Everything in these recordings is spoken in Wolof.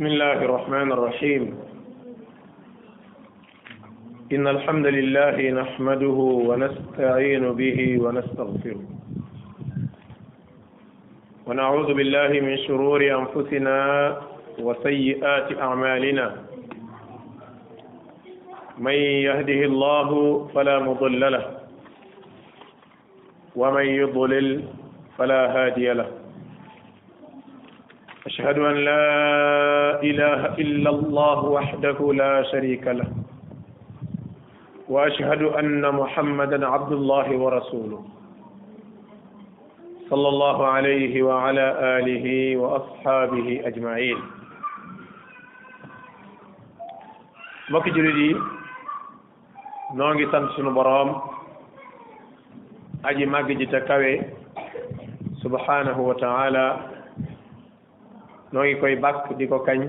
بسم الله الرحمن الرحيم إن الحمد لله نحمده ونستعين به ونستغفره ونعوذ بالله من شرور أنفسنا وسيئات أعمالنا من يهده الله فلا مضل له ومن يضلل فلا هادي له أشهد أن لا إله إلا الله وحده لا شريك له وأشهد أن محمدا عبد الله ورسوله صلى الله عليه وعلى آله وأصحابه أجمعين mbokk جلدي نوغي noo برام أجي sunu boroom aji noo ngi koy bàkk di ko kañ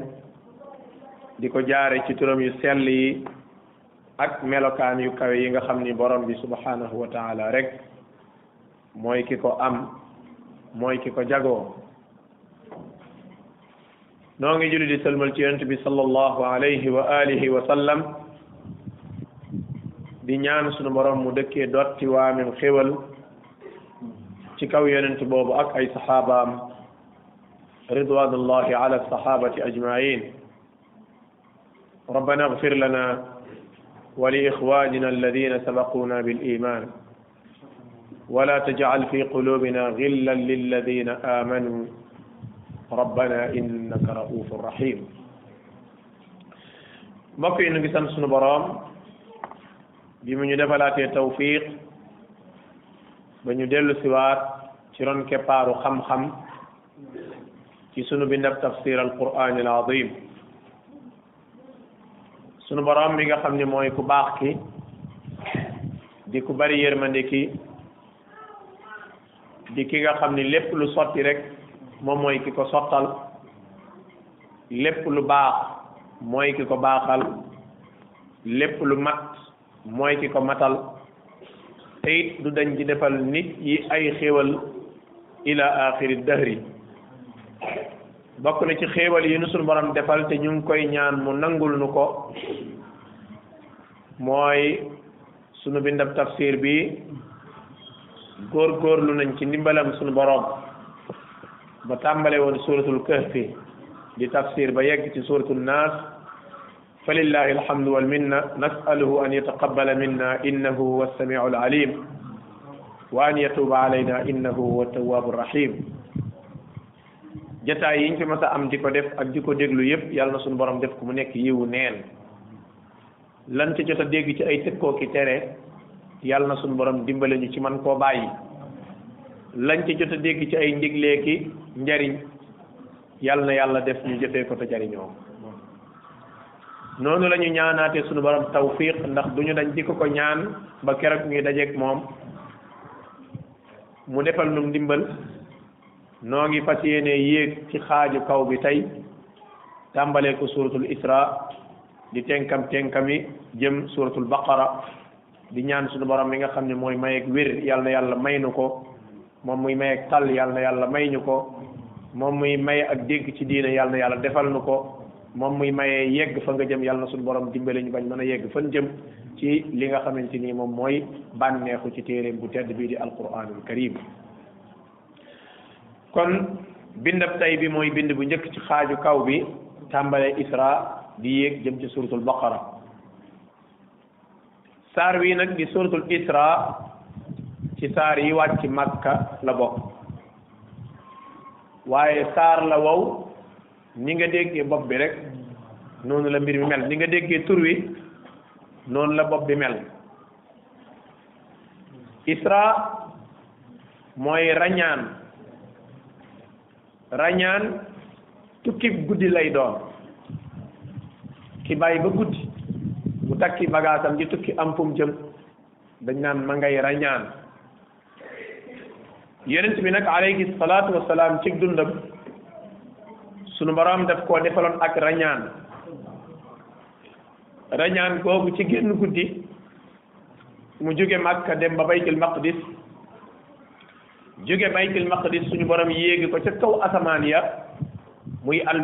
di ko jaare ci turam yu sell yi ak melokaan yu kawe yi nga xam ni borom bi subhanahu wa taala rek mooy ki ko am mooy ki ko jagoo noo ngi julli di sëlmal ci yonent bi sallallahu alayhi wa alihi sallam di ñaan sunu borom mu dëkkee dotti waamem xéwal ci kaw yonent boobu ak ay saxaabaam رضوان الله على الصحابة أجمعين ربنا اغفر لنا ولإخواننا الذين سبقونا بالإيمان ولا تجعل في قلوبنا غلا للذين آمنوا ربنا إنك رؤوف رحيم مكي نبي ñu برام بمن sunu boroom bi mu ñu defalaatee tawfiq ba ñu dellu ci sunu bindab tafsir alquran al azim sunu borom mi nga xam ne mooy ku baax ki di ku bari yërmande ki di ki nga xam ne lépp lu sotti rek moom mooy ki ko sottal lépp lu baax mooy ki ko baaxal lépp lu mat mooy ki ko matal te it du dañ ci defal nit yi ay xéwal ila axiri dahri bokk na ci xéewal yi nu sunu borom defal te ñu ngi koy ñaan mu nangul nu ko mooy sunu bindab tafsir bi góor lu nañ ci ndimbalam sunu borom ba tàmbale woon suratul kahfi di tafsir ba yegg ci suratul nas فلله الحمد والمنة نسأله أن يتقبل منا إنه هو السميع العليم وأن يتوب علينا إنه هو التواب الرحيم jataay yiñ fi mas a am di ko def ak di ko déglu yëpp yàlla na suñu borom def ko mu nekk yiwu neen lan ci jot a dégg ci ay tëkkoo ki tere yàlla na suñu borom dimbale ñu ci man koo bàyyi lañ ci jot a dégg ci ay njiglee ki njariñ yàlla na yàlla def ñu jëfee ko te jariñoo noonu la ñu ñaanaatee suñu borom tawfiq ndax duñu dañ di ko ko ñaan ba keroog ñuy dajeek moom mu defal num ndimbal noo ngi fas yéene yéeg ci xaaju kaw bi tey tàmbalee ko suratul isra di tenkam tenkami jëm suratul baqara di ñaan sunu borom mi nga xam ne mooy mayeeg wér yàlla na yàlla may nu ko moom muy mayeeg tal yàlla yàlla may ñu ko moom muy maye ak dégg ci diine yàlla yàlla defal nu ko moom muy mayee yegg fa nga jëm yàlla na suñu borom dimbale ñu bañ mën a yegg fan jëm ci li nga xamante ni moom mooy bànneexu ci téeréem bu tedd bii di alquranul karim kon bindab tey bi mooy bind bu njëkk ci xaaju kaw bi tàmbalee isra di yéeg jëm ci suratul baqara saar wi nag di suratul isra ci saar yi wàcc makka la bopp waaye saar la wow ni nga dégge bopp bi rekk noonu la mbir mi mel ni nga déggee tur wi noonu la bopp bi mel isra mooy ràññaan rañaan tukki guddi lay doon ki bàyyi ba guddi bu takki bagaasam di tukki am fu jëm dañ naan ma ngay rañaan yonent bi nag alayhi salaatu salaam ci dundam sunu boroom def koo defaloon ak rañaan rañaan googu ci génn guddi mu jóge Makka dem ba baytul maqdis jóge baytul maqdis suñu borom yéegi ko ca kaw asamaan ya muy al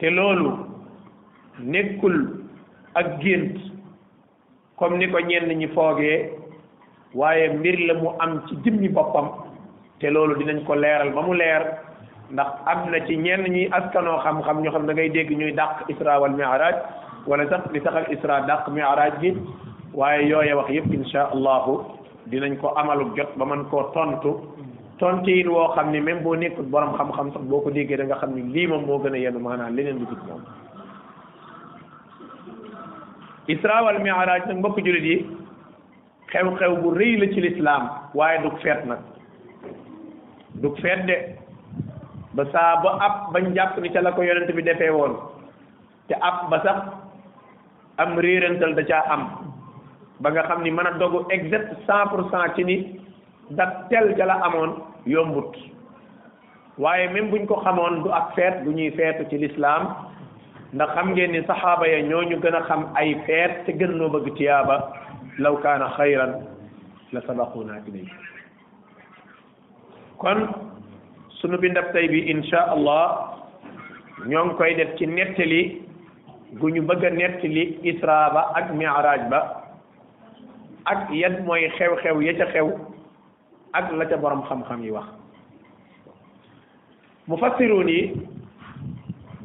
te loolu nekkul ak gént comme ni ko ñenn ñi foogee waaye mbir la mu am ci jëmmi boppam te loolu dinañ ko leeral ba mu leer ndax am na ci ñenn ñuy askanoo xam-xam ñoo xam da ngay dégg ñuy dàq isra wal mi'raj wala sax li saxal isra dàq mi'raj gi waaye yooye wax yëpp insha allahu dinañ ko amalu jot ba mën koo tontu tontu yi woo xam ni même boo nekk borom xam-xam sax boo ko déggee da nga xam ni lii moom moo gën a yenu maanaam leneen lu jub moom isra wal mi'raj nag mbokk jullit yi xew-xew bu rëy la ci lislaam waaye dug feet nag dug feet de ba saa ba ab bañ ni ca la ko yonent bi defee woon te ab ba sax am réerantal da caa am ba nga xam ni mën a dogu exact cent pour cent ci ni dat tel ja amoon yombut waaye même buñ ko xamoon du ak feet bu ñuy feetu ci lislaam ndax xam ngeen ni saxaaba ya ñu gën a xam ay feet te gën noo bëgg tiyaaba law kaana xayran la sabaquna ilay kon sunu bindab tey bi insha allah ñoo ngi koy def ci nettali gu ñu bëgg a nettali isra ba ak mi'raj ba ak yan moy xew-xew ya ca xew ak la ca borom xam-xam yi wax mufassiruni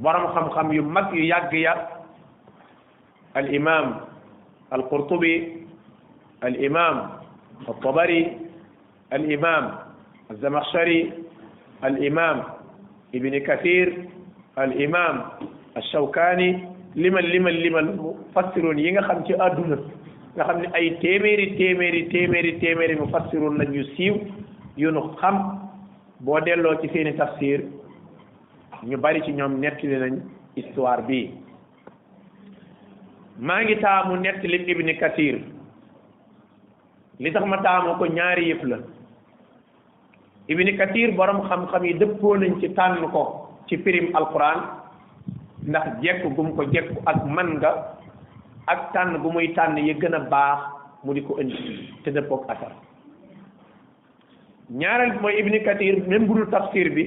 borom xam-xam yu mag yu yàgg ya al imam al qurtubi al imam al tabari al imam al zamakhshari al imam ibn kathir al imam al shawkani liman liman liman mufassiruun yi nga xam ci àdduna nga xam ne ay téeméeri téeméeri téeméeri téeméeri mu fassirun lañ yu siiw yu nu xam boo delloo ci seeni tafsir ñu bari ci ñoom nettali nañ histoire bi maa ngi taamu nettali ibni kathir li tax ma taamu ko ñaari yëpp la ibni kathir borom xam-xam yi dëppoo nañ ci tànn ko ci pirim alquran ndax jekk gum ko jekku ak man nga ak tànn bu muy tànn yi gën a baax mu di ko indi te dëppoog asar ñaareel bi mooy ibni kathir même bu dul tafsir bi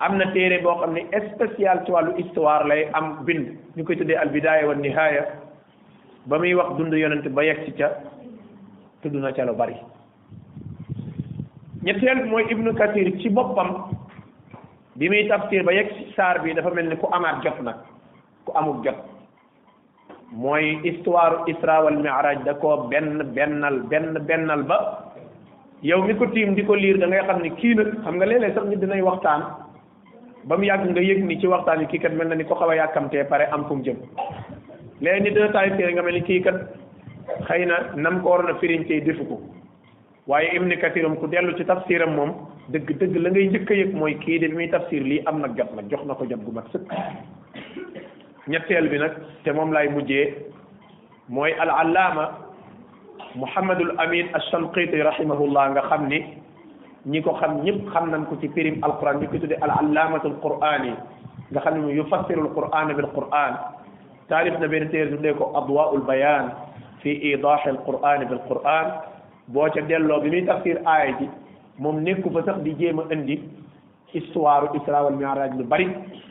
am na téere boo xam ne spécial ci wàllu histoire lay am bind ñu koy tuddee al bidaaya wa nihaaya ba muy wax dund yonent ba yegg ci ca tudd na ca lu bari ñetteel bi mooy ibnu kathir ci boppam bi muy tafsir ba yegg ci saar bi dafa mel ni ku amaat jot nag ku amul jot mooy histoire isra wal mi'raj da koo benn bennal benn bennal ba yow mi ko tiim di ko liir da ngay xam ni kii nag xam nga léeg-léeg sax nit dinay waxtaan ba mu yàgg nga yëg ni ci waxtaan yi kii kat mel na ni ko xaw a yàkkamtee pare am fu mu jëm léegi ni dina taay nga mel ni kii kat xëy na nam ko waroon a firiñtee defu ko waaye Ibn Kathiram ku dellu ci tafsiram moom dëgg dëgg la ngay njëkk a yëg mooy kii de bi muy tafsir lii am na jot nag jox na ko jot gu mat ñettel bi nak te mom lay mujjé moy al allama allaama muhammadul amin ashanqiti rahimahullah nga xamni ni ko xam ñep xam nañ ko ci firim alquran ñu ko tuddee al allaamatul qur'an yi nga xamni mu yufassiru al qur'an bil quran talib na benn téere tuddee ko adwa al bayan fi idah al qur'an bil quran bo ca delloo bi muy tafsir aaya ji mom nekku fa sax di jema andi indi histoire isra wal mi'raj lu bari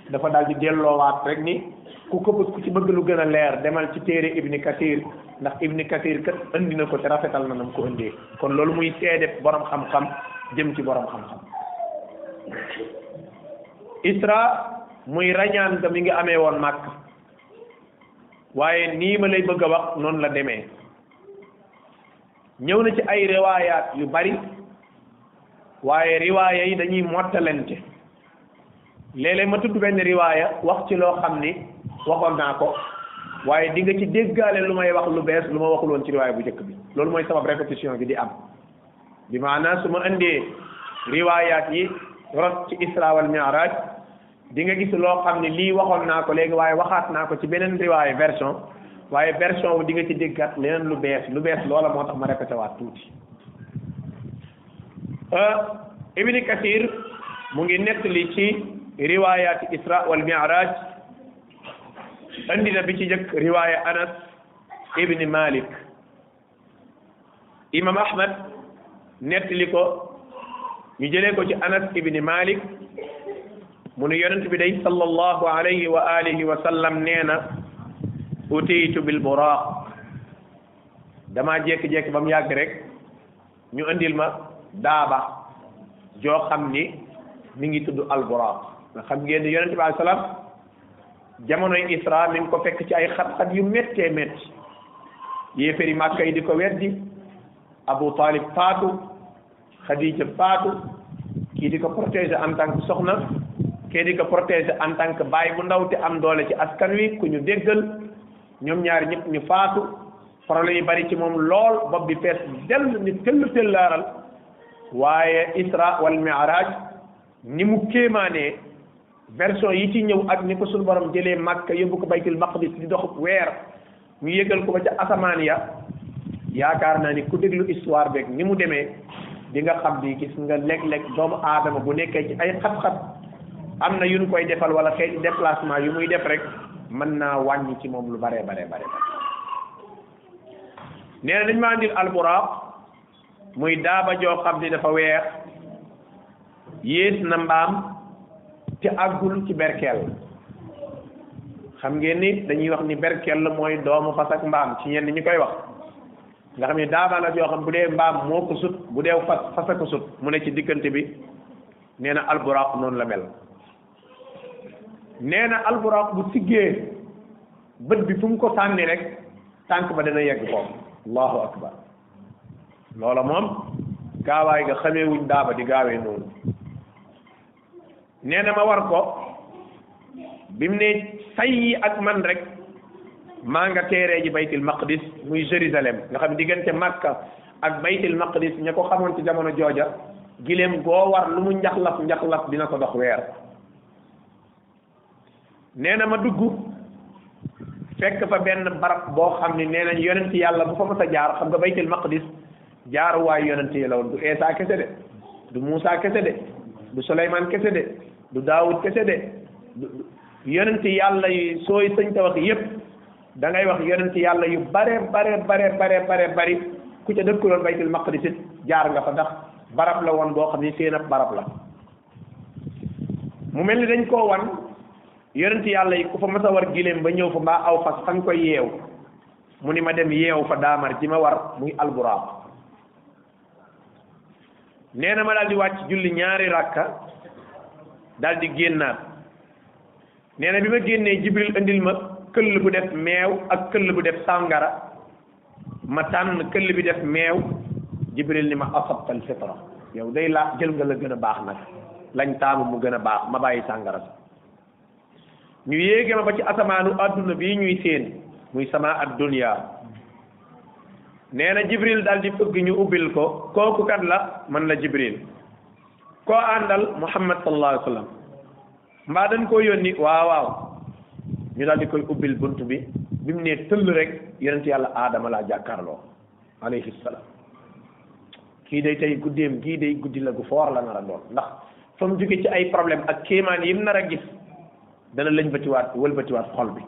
dafa dal di wat rek ni ku ko ku ci bëgg lu gën a leer demal ci téere ibni kathir ndax ibni kathir kat andi na ko te rafetal na nam ko indee kon loolu muy seede borom xam-xam jëm ci borom xam-xam isra muy rañaan nga mi ngi amee woon màkk waaye nii ma lay bëgg a wax noonu la demee ñëw na ci ay riwaayaat yu bari waaye riwaaya yi dañuy mottalante léeg-léeg ma tudd benn riwaaya wax ci loo xam ni waxoon naa ko waaye di nga ci déggaale lu may wax lu bees lu ma waxuloon ci riwaay bu njëkk bi loolu mooy sabab répétition bi di am bi maanaam su ma indee riwaayaat yi rot ci isra wal mi'raj di nga gis loo xam ne lii waxoon naa ko léegi waaye waxaat naa ko ci beneen riwaay version waaye bersion bu di nga ci déggaat leneen lu bees lu bees loola moo tax ma répété waat tuuti euh, Ibn Kathir mu ngi nettali ci riwaayaati Isra wal Mi'raj andi na bi ci njëkk riwaaya anas ibni malik imam ahmad nettali ko ñu jëlee ko ci anas ibni malik mu ne yonent bi day sallallahu alayhi wa alihi wa sallam nee na utiitu bil buraq damaa jékki ba mu yàgg rek ñu andil ma daaba joo xam ni mi ngi tudd al buraq nga xam ngeen ni bi alayhi jamonoy isra mi ngi ko fekk ci ay xat-xat yu méttee métti yéeféri màkka yi di ko weddi Abu Talib faatu Khadija faatu kii di ko protéger en tant que soxna kii di ko protéger en tant que baay bu ndaw te am doole ci askan wi ku ñu déggal ñoom ñaari ñëpp ñu faatu problème yi bari ci moom lool bopp bi fees dell ñu tëll tëllaaral waaye isra wal mi'raj ni mu kéemaanee version yi ci ñëw ak ni ko suñu borom jëlee Makka yóbbu ko baytul bi di dox weer ñu yëgal ko ba ca asamaan ya yaakaar naa ni ku déglu histoire beeg ni mu demee di nga xam ni gis nga léeg-léeg doomu aadama bu nekkee ci ay xat-xat am na yu ñu koy defal wala xeeti déplacement yu muy def rek mën naa wàññi ci moom lu bare bare bare nee na dañ maa indil muy daaba joo xam ni dafa weer yées na mbaam ci àggul ci berkeel xam ngeen ni dañuy wax ni berkeel mooy doomu fas ak mbaam ci ñenn ñi koy wax nga xam ne daabaa yoo xam bu dee mbaam moo ko sut bu dee fas fas ak sut mu ne ci diggante bi nee na alburaaq noonu la mel nee na alburaaq bu siggee bët bi fu mu ko sànni rek tànk ba dana yegg ko loola moom gaawaay nga xamee wuñ daaba di gaawee noonu neena ma war ko bi ne sayyi ak man rek ma nga téré ji baytil maqdis muy jérusalem nga xam digënté makka ak baytil maqdis ñako ko ci jamono jojja gilem go war lu mu njaxlaf njaxlaf dina ko dox wër neena ma duggu fekk fa benn barab boo xam ni nee nañ yonent yàlla bu fa mës a jaar xam nga baytil maqdis jaaruwaay yonent yi la woon du Eesa kese de du Muusa kese de du Suleymaan kese de du daawud kese de yonent yàlla yi sooy sëñ ta wax yépp da ngay wax yonent yàlla yu bare bare bare bare bare bari ku ca dëkkuloon baytul maqdis it jaar nga fa ndax barab la woon boo xam ne seen ab barab la mu mel ni dañ koo wan yonent yàlla yi ku fa mas a war giléem ba ñëw fa mbaa aw fas fa nga koy yeew mu ni ma dem yeew fa daamar ji ma war muy alburaaq nee na ma daal di wàcc julli ñaari rakka daal di génnaat nee bi ma génnee jibril indil ma këll bu def meew ak këll bu def sàngara ma tànn këll bi def meew jibril ni ma asabtal fitra yow day laa jël nga la gën a baax nag lañ taamu mu gën a baax ma bàyyi sàngara ñu yéege ma ba ci asamaanu àdduna bi ñuy séen muy sama ad dunya nee na jibril daal di fëgg ñu ubbil ko kookukat la mën la jibril koo àndal muhammad sallallahu alayhi wa mbaa dañ koo yónni waaw waaw ñu daal di koy ubbil bunt bi bi mu nee tëll rek yonent yàlla aadama laa jàkkaarloo alayhi salaam kii day tey guddeem kii day guddi la gu foor la nar a doon ndax fa mu jóge ci ay problème ak kéemaan yim nar a gis dana lañ batiwaat wëlbatiwaat xol bi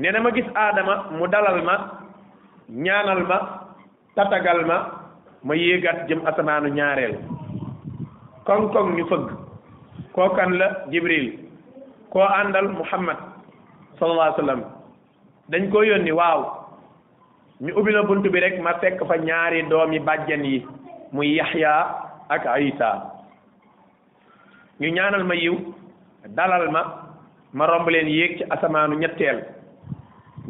nee na ma gis aadama mu dalal ma ñaanal ma tatagal ma ma yéegaat jëm asamaanu ñaareel koŋ-koŋ ñu fëgg koo kan la jibril koo àndal muhammad sallallahu alayhi dañ koo yónni waaw ñu ubbi la bunt bi rek ma fekk fa ñaari doom yi bàjjan yi muy yaxya ak isa ñu ñaanal ma yiw dalal ma ma romb leen yéeg ci asamaanu ñetteel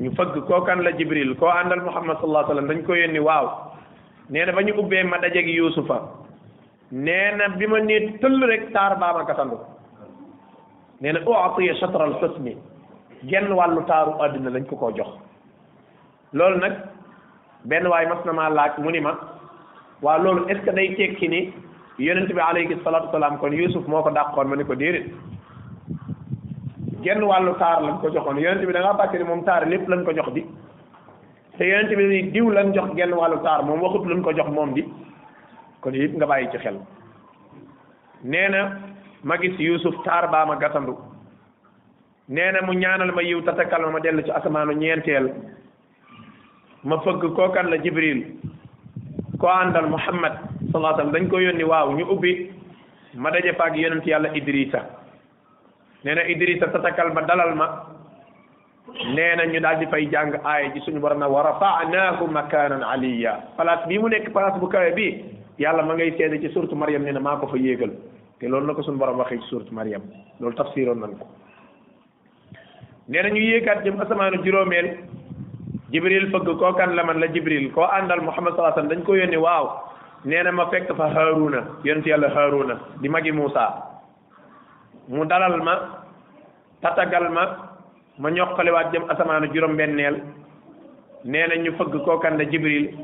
ñu fëgg koo kan la jibril koo àndal muhammad sallallahu alayhi wa sallam dañ ko yónni waaw nee na ba ñu ubbee ma dajeeg yusufa nee na bi ma nee tëll rek taar baama gasandu nee na uatiya chatre al xusni genn wàllu taaru àddina lañ ko koo jox loolu nag benn waay mas na maa laaj mu ni ma waaw loolu est ce que day tekki ni yonent bi alayhi salaatu salaam kon Yusuf moo ko dàqoon ma ni ko déedéet genn wàllu taar lañ ko joxoon yonent bi da ngaa fàtte ni moom taar lépp lañ ko jox bi te yonent bi diw lañ jox genn wàllu taar moom waxut lañ ko jox moom bi kon yëpp nga bàyyi ci xel nee na ma gis Yuusuf taar baa ma gasandu nee na mu ñaanal ma yiw tatakal ma ma dellu ci asamaanu ñeenteel ma fëgg kookan la Jibril koo àndal Muhammad sallallahu alayhi wasallam dañ ko yónni waaw ñu ubbi ma daje fa ak yonent yàlla Idrissa nee na Idrissa tatakal ma dalal ma nee na ñu daal di fay jàng aaya ji suñu borom na wa rafa'naahu makaanan aliyya place bii mu nekk place bu kawe bii yàlla ma ngay seede ci surtu Maryam ne maa ko fa yéegal te loolu na ko suñu borom waxee ci surtu Maryam loolu tafsiroon nañ ko na ñu yéegaat jëm asamaanu juróomeel Jibril fëgg koo kan la man la Jibril koo àndal Muhammad sallallahu alayhi wasallam dañ ko yónni waaw nee ma fekk fa Haaruna yonent yàlla Haaruna di magi Muusa mu dalal ma tatagal ma ma ñoqaliwaat jëm asamaanu juróom-benneel nee na ñu fëgg koo kan la Jibril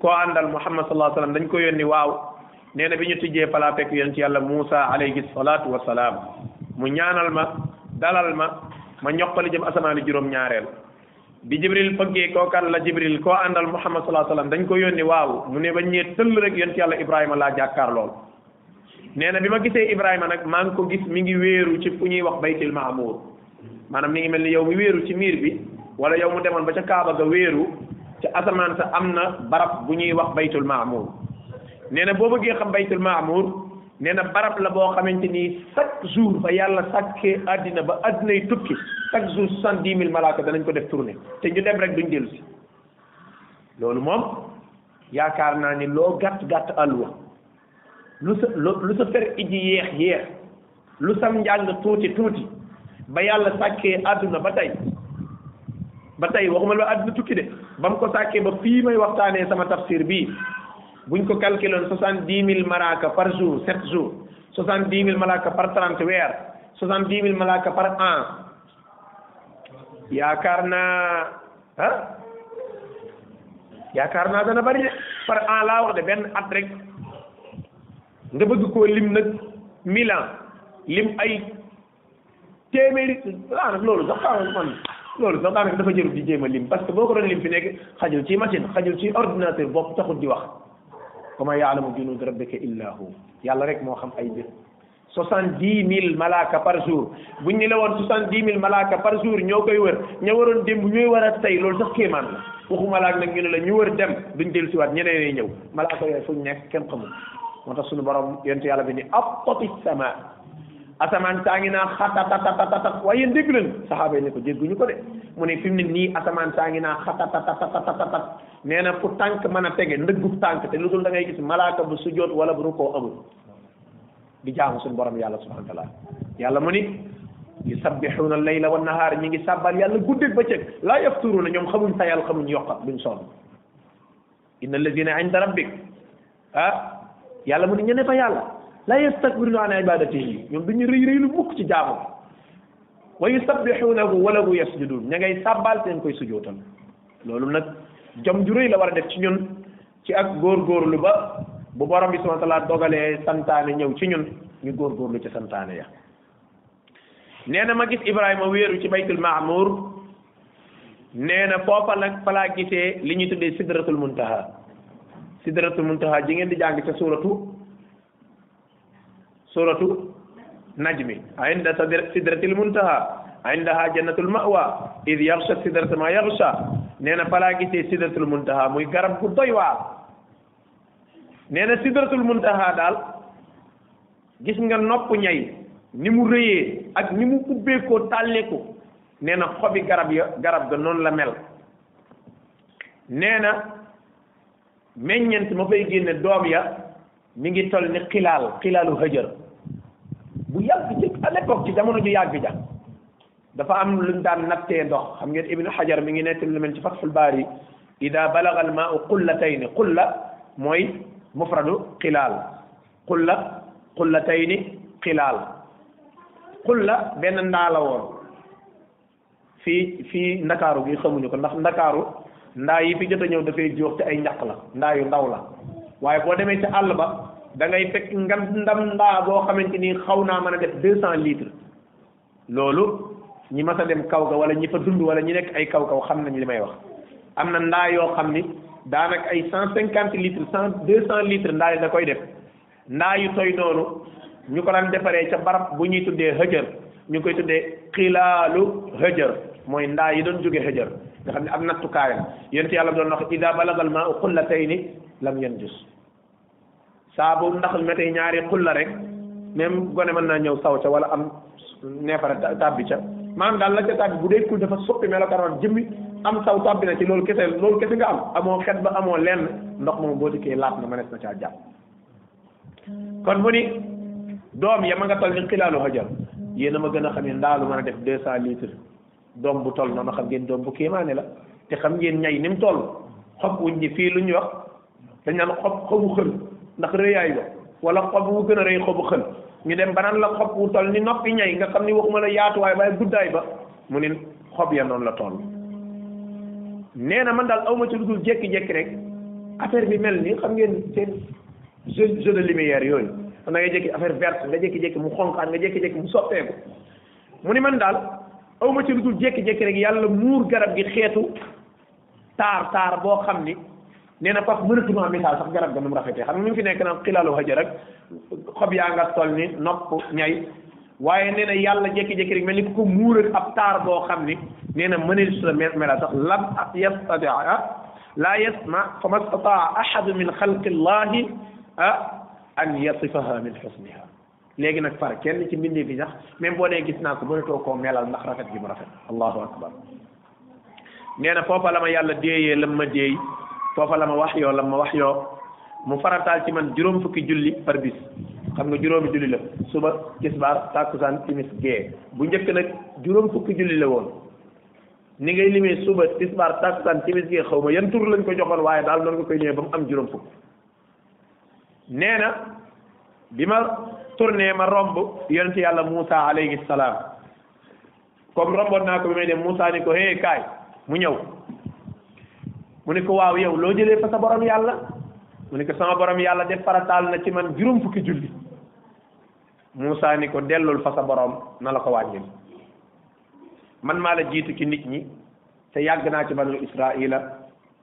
koo àndal muhammad sallallahu alayhi wa sallam dañ ko yónni waaw nee bi ñu tijjee palaa fekk yonent yàlla Muusa alayhi salaatu wa salaam mu ñaanal ma dalal ma ma ñoqali jëm asamaani juróom-ñaareel bi jibril fëggee koo kan la jibril koo àndal muhammad sallallahu alayhi wa sallam dañ ko yónni waaw mu ne ba ñee tëll rek yonent yàlla Ibrahima laa jàkkaar lool nee na bi ma gisee Ibrahima nag maa ngi ko gis mu ngi wéeru ci fu ñuy wax baytil maamuur maanaam mi ngi mel ni yow mi wéeru ci miir bi wala yow mu demoon ba ca Kaaba ga wéeru. ca asamaan sa am na barab bu ñuy wax baytul maamuur nee na boo bëggee xam baytul maamuur nee na barab la boo xamante ni chaque jour ba yàlla sàkkee àddina ba àddina yi tukki chaque jour soixante dix mille malaaka danañ ko def tournée te ñu dem rek duñ dellu loolu moom yaakaar naa ni loo gàtt gàtt àlluwa lu sa lu sa fer iji yeex yeex lu sam njàng tuuti tuuti ba yàlla sàkkee àdduna ba tey ba tey waxuma la àdduna tukki de ba mu ko sàkkee ba fii may waxtaanee sama tafsir bii buñ ko calculé woon soixante dix mille malaaka par jour sept jours soixante dix mille malaaka par trente weer soixante dix mille malaaka par an yaakaar naa yaakaar naa dana bari de par an laa wax de benn at nga bëgg koo lim nag mille lim ay téeméeri ah nag loolu sax xaaral man. loolu sax daanaka dafa jëru di jéem a lim parce que boo ko doon lim fi nekk xajul ci machine xajul ci ordinateur bopp taxul di wax wa ma yaalamu junuud rabbika illa hu yàlla rek moo xam ay mbir soixante dix mille malaaka par jour buñ ne la woon soixante dix mille malaaka par jour ñoo koy wër ña waroon démb ñooy war a tey loolu sax kéemaan la waxu malaak nag ñu ne la ñu wër dem duñ dellu siwaat ñeneen ñëw malaaka yooyu fuñ nekk kenn xamul moo tax suñu borom yonent yàlla bi ni appati sama asamaan saa ngi naa xatatatatatat waaye yéen dégg leen saxaaba yi ne ko dégguñu ko de mu ne fi mu ne nii asamaan saa ngi naa xatatatatatat nee na fu tànk mën a tege ndëggub tànk te lu dul da ngay gis malaaka bu sujjoot wala bu rukoo amul di jaamu suñu borom yàlla subhanahu wa yàlla mu ni yusabbihuna layla wa nahaar ñi ngi sàbbal yàlla guddeeg bëccëg laa yafturuna ñoom xamuñ tayal xamuñ yokkat duñ sonn inna alladina inda rabbik ah yàlla mu ni ñene fa yàlla la yastakbiruna an ibadatihi ñoom duñu rëy rëy lu mukk ci jaamu wa yusabbihunahu wa lahu yasjudun ña ngay sàbbaal seen koy sujootal loolu nag jom ju rëy la war a def ci ñun ci ak góor góorgóorlu ba bu borom bi subhanahu wa taala dogalee santaane ñëw ci ñun ñu góorgóorlu ci santaane ya nee na ma gis Ibrahima wéeru ci baytul maamur nee na foofa nag falaa gisee li ñuy tuddee sidratul muntaha sidratul muntaha ji ngeen di jàng ca suuratu suratu najmi inda sidratil muntaha indaha jannatul mawa id yaxsha sidrata ma yaxsha nee na falaa gisee muntaha muy garab gu doy waar nee na sidratul muntaha daal gis nga nopp ñay ni mu rëyee ak ni mu ubbeekoo tàlleeku nee na xobi garab ya garab ga noonu la mel nee na meññent ma fay génne doom ya mi ngi toll ni xilaal xilaalu hëjër à l'époque ci jamono ju yàgg ja dafa am luñ daan nattee ndox xam ngeen ibnu xajar mi ngi nettali lu mel ci fatxul baari ida balaga al maau qullatayni qulla mooy mufradu xilaal qulla qullatayni xilaal qulla benn ndaa la woon fii fii ndakaaru gi xamuñu ko ndax ndakaaru ndaa yi fi jot a ñëw dafay jóox te ay ñaq la ndaa yu ndaw la waaye boo demee ci àll ba da ngay fekk nga ndam ndaa boo xamante nii xaw naa mën a def deux cent litres loolu ñi mas a dem kaw ga wala ñi fa dund wala ñi nekk ay kaw kaw xam nañ li may wax am na ndaa yoo xam ni daanaka ay cent cinquante litres cent deux cent litre ndaa yi da koy def ndaa yu tooy noonu ñu ko daan defaree ca barab bu ñuy tuddee hëjër ñu koy tuddee xilaalu hëjër mooy ndaa yi doon jóge hëjër nga xam ne am nattukaayam yonent yàlla doon wax ida balagal maa u xullatayni lam yanjus saa boobu ndax méttee ñaari xul la rek même gone mën naa ñëw saw ca wala am neefare tabbi ca maanaam daal la ca tabbi bu dee kul dafa soppi melokaan jëmmi am saw tabbi na ci loolu kese loolu kese nga am amoo xet ba amoo lenn ndox moom boo dikkee laat na mënees na caa jàpp kon mu ni doom ya ma nga toll ni xilaalu hajar yéen a ma gën a xam ne ndaalu mën a def deux cent litres doom bu toll noonu xam ngeen doom bu kéemaane la te xam ngeen ñay ni mu toll xob wuñ ñi fii lu ñuy wax dañ naan xob xobu xël ndax rëyaay ba wala xob wu gën a rëy xobu xën ñu dem banaan la xob wu toll ni noppi ñay nga xam ni waxuma la yaatuwaay waaye guddaay ba mu ne xob ya noonu la toll nee na man daal awma ci lu dul jékki-jékki rek affaire bi mel ni xam ngeen seen jeu jeu de lumière yooyu xam na nga jékki jékki-jékki mu xonqaat nga jékki-jékki mu soppeeku mu ni man daal awma ci lu dul rek yàlla muur garab gi xeetu taar taar boo xam ni neena na meuna tuma misaal sax garab ga nu mu xam nga mu fi nek na xilaalu hajar rek xob ya nga tol ni nopp ñay waye neena yàlla jékki-jékki rek melni ko mur ak ab taar boo xam ni nee na mënee su sax lam yastadia la yasma fa ma stataa ahad min xalqi llahi an yasifaha min xusniha legi nak far kenn ci mbindee bi sax même bo ne gis na ko meuna to ko melal ndax rafet gi mu rafet allahu akbar neena fofa lama yàlla déeyee lam ma déey foofa la ma wax la ma wax yoo mu farataal ci man juróom fukki julli par xam nga juróomi julli la suba tisbaar takkusaan timis gee bu njëkk nag juróom fukki julli la woon ni ngay limee suba tisbaar takkusaan timis gee xaw ma yan tur lañ ko joxoon waaye daal noonu nga koy ñëwee ba mu am juróom fukk nee na bi ma tourné ma romb yonent yàlla Moussa alayhi salaam comme romboon naa ko bi may dem Moussa ni ko hey kaay mu ñëw. mu ne ko waaw yow loo jëlee fa sa borom yàlla mu ne ko sama borom yàlla de farataal na ci man juróom fukki julli Moussa ni ko dellul fa sa borom na la ko wàññil man maa la jiitu ci nit ñi te yàgg naa ci banu Israila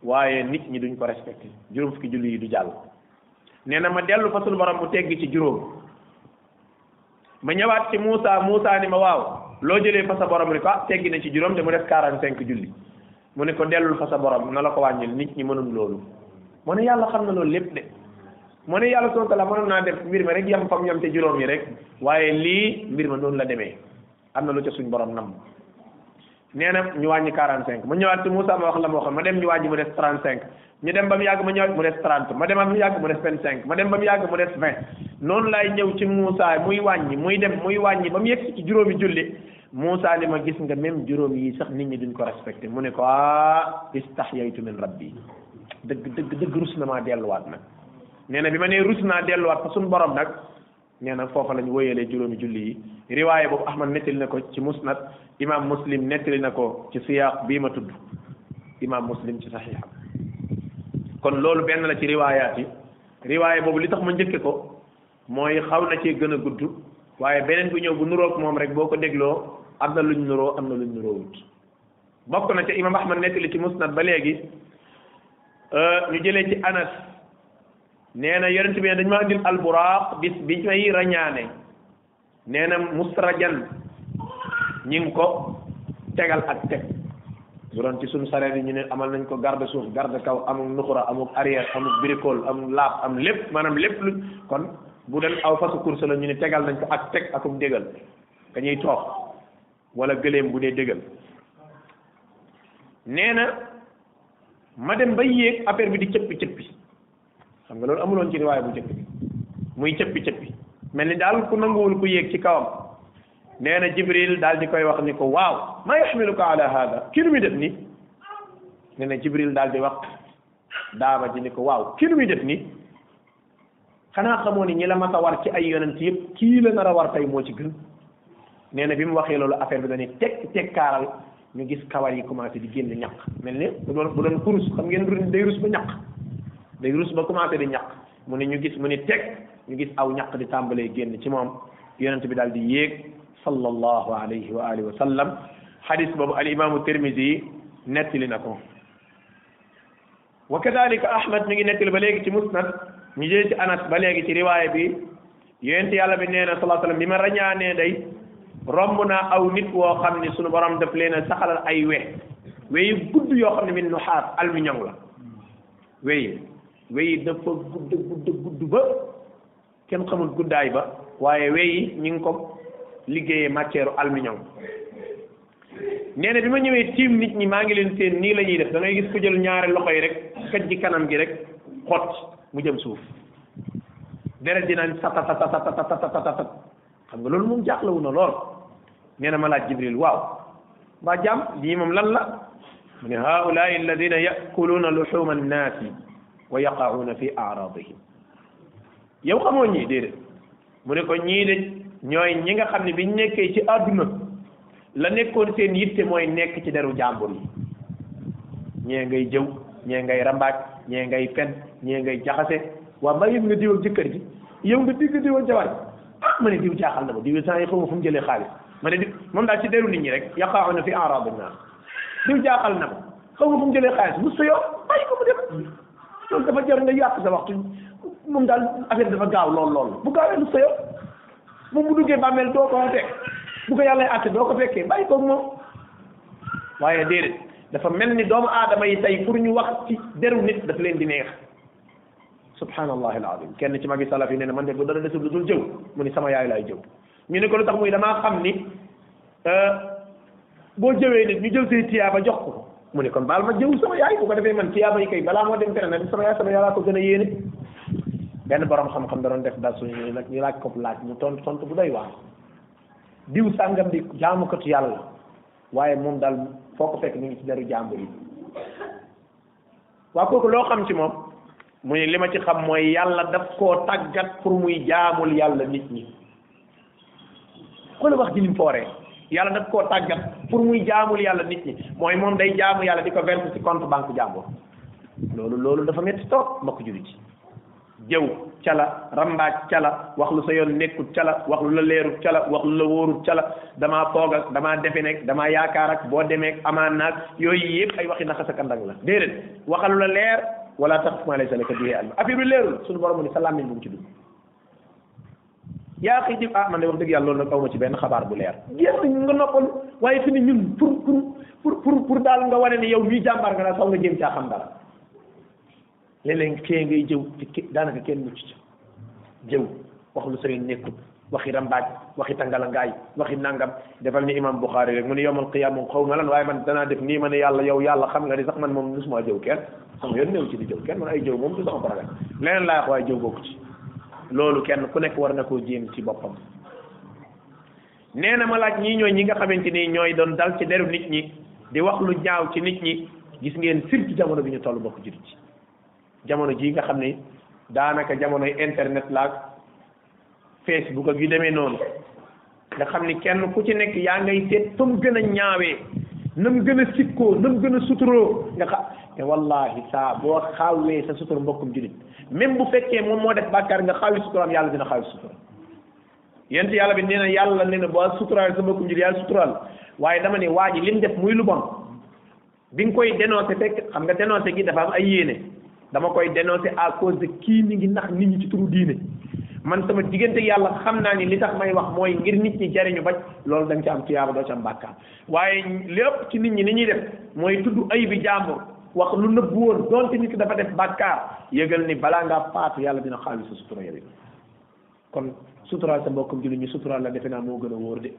waaye nit ñi duñ ko respecté juróom fukki julli yi du jàll nee na ma dellu fa sunu borom mu tegg ci juróom ma ñëwaat ci Moussa Moussa ni ma waaw loo jëlee fa sa borom ni ko ah, teggi na ci juróom te mu def quarante cinq julli mu ne ko dellul fa sa borom na la ko wàññil nit ñi mënul loolu mu yàlla xam na loolu lépp de ne yàlla subhanahu wa ta'ala mënoon naa def mbir ma rek yam fam yam te juróom yi rek waaye lii mbir ma noonu la demee am na lu ca suñ borom nam nee na ñu wàññi quarante cinq mu ñëwaat ci Moussa ma wax la ma ma dem ñu wàññi mu des trente cinq ñu dem ba mu yàgg ma ñëwaat ma dem ba yàgg mu des vingt cinq ma dem ba mu yàgg mu des vingt noonu laay ñëw ci Moussa muy wàññi muy dem muy wàññi ba mu yegg ci juróomi julli Moussa li ma gis nga même juróom yi sax nit ñi duñ ko respecté mu ne ko ah istahyaytu min rabbi dëgg dëgg dëgg rus na maa delluwaat nag nee na bi ma nee rus naa delluwaat fa suñu borom nag nee na foofa lañ wéyalee juróomi julli yi riwaaya boobu Ahmad nettali na ko ci musnad imam muslim nettali na ko ci siyaaq bii ma tudd imam muslim ci saxiixa kon loolu benn la ci riwaayaat yi riwaaya boobu li tax ma njëkke ko mooy xaw na cee gën a gudd waaye beneen bu ñëw bu moom rek boo ko dégloo am na luñ nuroo am na luñ nuroowut bokk na ca imam ahmad nekk li ci musnad ba léegi euh, ñu jëlee ci anas nee na yonent bi ne dañu ma indil alburaaq bis bi may rañaane nee na mustrajan ñi ngi ko tegal ak teg bu doon ci suñu sareet ñu ne amal nañ ko garde suuf garde kaw amul nuxura amul arrière amul bricole amul laab am lépp maanaam lépp lu kon bu den aw fasu course la ñu ne tegal nañ ko ak teg akum dégal dañuy toog wala gëléem bu dee dëggal nee na ma dem ba yéeg affaire bi di cëppi cëppi xam nga loolu amuloon ci riwaay bu njëkk bi muy cëppi cëppi mel ni daal ku nanguwul ku yéeg ci kawam nee na jibril daal di koy wax ni ko waaw maa yaxmiluka ala hada kii nu muy def nii nee na jibril daal di wax daaba ji ni ko waaw kii nu muy def nii xanaa xamoo ni ñi la mas a war ci ay yonent yëpp kii la nar a war tey moo ci gën nee na bi mu wax waxee loolu affaire bi dañuy tekk tekkaaral ñu gis kawar yi commencé di génn ñaq mel ni bu doon bu doon kurus xam ngeen rus ba ñaq day rus ba commencé di ñaq mu ne ñu gis mu ni teg ñu gis aw ñaq di tàmbalee génn ci moom yonent bi daal di yéeg sallallahu alayhi wa alihi wa sallam hadis boobu al imaamu Tirmidi nettali na ko wa kadalika Ahmad mi ngi nettali ba léegi ci musnad ñu jëlee ci Anas ba léegi ci riwaaya bi yonent yàlla bi nee na sallallahu bi ma rañaanee day romb naa aw nit woo xam ne suñu borom daf leen a saxalal ay we weyi gudd yoo xam ne min nu xaas aluminium la weyi weyi dafa gudd gudd gudd ba kenn xamul guddaay ba waaye weyi ñu ngi ko liggéeyee matière aluminium nee na bi ma ñëwee tiim nit ñi maa ngi leen seen nii la ñuy def da ngay gis ku jël ñaari loxo yi rek xëj ci kanam gi rek xott mu jëm suuf deret dinañ sata sata xam nga loolu moom jaaxlawu na lool nee na ma laaj jibril waaw mbaa jaam lii moom lan la mu ne haulaai alladina yakuluuna luxuuma annaasi wa yaqaauuna fi aradihim yow xamoo ñii déedéet mu ne ko ñii de ñooy ñi nga xam ne biñ nekkee ci àdduna la nekkoon seen yitte mooy nekk ci deru jàmbur yi ñee ngay jëw ñee ngay rambaaj ñee ngay fen ñee ngay jaxase waaw mbaa yëg nga diw ak jëkkër ji yow nga digg diw ak jabar ah ma ne diw jaaxal na ma diw saa yi xaw ma fu mu jëlee xaalis ma ne moom daal ci deru nit ñi rek yaqaawna fi arabi nas diw jaaxal na ma xamul fu mu jëlee xaalis mu suyoo bàyyi ko mu dem loolu dafa jar nga yàq sa waxtu moom daal affaire dafa gaaw lool lool bu gaawee mu suyoo bu mu duggee bàmmeel doo ko fekk bu ko yàlla àtte doo ko fekkee bàyyi ko moom waaye déedéet dafa mel ni doomu aadama yi tey pour ñu wax ci deru nit daf leen di neex subhanallah alazim kenn ci magi salaf yi nee na man de bu dara desul lu dul jëw mu ni sama yaay laay jëw ñu ne ko lu tax muy damaa xam ni euh, boo jëwee nit ñu jël say tiyaaba jox ko mu ne kon baal ma jëw sama yaay ko defee man tiyaaba yi kay balaa moo dem feneen nag sama yaay sama yàllaa ko gën a yéene benn boroom xam-xam da doon def dar suñu nag ñu laaj ko laaj mu tontu tontu bu doy waar diw sàngam di jaamukatu yàlla waaye moom daal foo ko fekk ñu ngi ci deru jàmbur yi waa kooku loo xam ci moom mu ne li ma ci xam mooy yàlla daf koo tàggat pour muy jaamul yàlla nit ñi xoolal wax ji ni mu fooree yàlla daf koo tàggat pour muy jaamul yàlla nit ñi mooy moom day jaamu yàlla di ko verse ci contre banque jàmbur loolu loolu dafa métti toog mbokk juri ci jëw cala rambaaj cala wax lu sa yoon nekkut cala wax lu la leerut cala wax lu la wóorut cala damaa foog ak damaa defe nekk damaa yaakaar ak boo demee ak amaan naag yooyu yëpp ay waxi naxas ak andang la déedéet waxal lu la leer wala tax maa lay sale ka bihi alma leerul suñu borom mu ne sa ci dugg yaa xëy jëm ah man de wax dëgg yàlla loolu nag aw ma ci benn xabaar bu leer génn nga noppalu waaye fi ni ñun pour pour pour pour daal nga wane ni yow mii jàmbaar nga daal sax nga jéem caa xam dara léeg-léeg kee ngay jëw te daanaka kenn mucc ca jëw wax lu sa yoon nekkul waxi rambaaj waxi tangalangaay waxi nangam defal ni imam Bukhari rek mu ne yowmal qiyaam moom xaw ma lan waaye man danaa def nii ma ne yàlla yow yàlla xam nga ni sax man moom musuma jëw kenn sama yoon néew ci di jëw kenn man ay jëw moom du sama problème leneen laa wax waaye jëw bokku ci loolu kenn ku nekk war na koo jéem ci boppam nee na ma laaj ñii ñooy ñi nga xamante ni ñooy doon dal ci deru nit ñi di wax lu ñaaw ci nit ñi gis ngeen surtout jamono bi ñu toll bokk jurit jamono jii nga xam ne daanaka jamonoy internet laag facebook ak yu demee noonu nga xam ni kenn ku ci nekk yaa ngay seet fa mu gën a ñaawee nam gën a sikkoo nam gën a suturoo nga xa te wallahi saa boo xawee sa sutur mbokkum julit même bu fekkee moom moo def bàkkaar nga xawi suturaam yàlla dina xawi sutura yent yàlla bi nee na yàlla nee na boo suturaal sa mbokkum julit yàlla suturaal waaye dama ne waa ji li mu def muy lu bon bi nga koy dénoncé fekk xam nga dénoncé gi dafa am ay yéene dama koy dénoncer à cause de kii mi ngi nax nit ñi ci turu diine man sama diggante yàlla xam naa ni li tax may wax mooy ngir nit ñi jariñu bañ loolu da ci am tuyaaba doo ci am bàkkaar waaye lépp ci nit ñi ni ñuy def mooy tudd ayibi jàmbur wax lu nëbb woon donte nit ki dafa def bàkkaar yëgal ni balaa ngaa faatu yàlla dina xaalis sa sutura yële kon suturaal sa mbokkum jullit ñi suturaal la defe naa moo gën a wóor de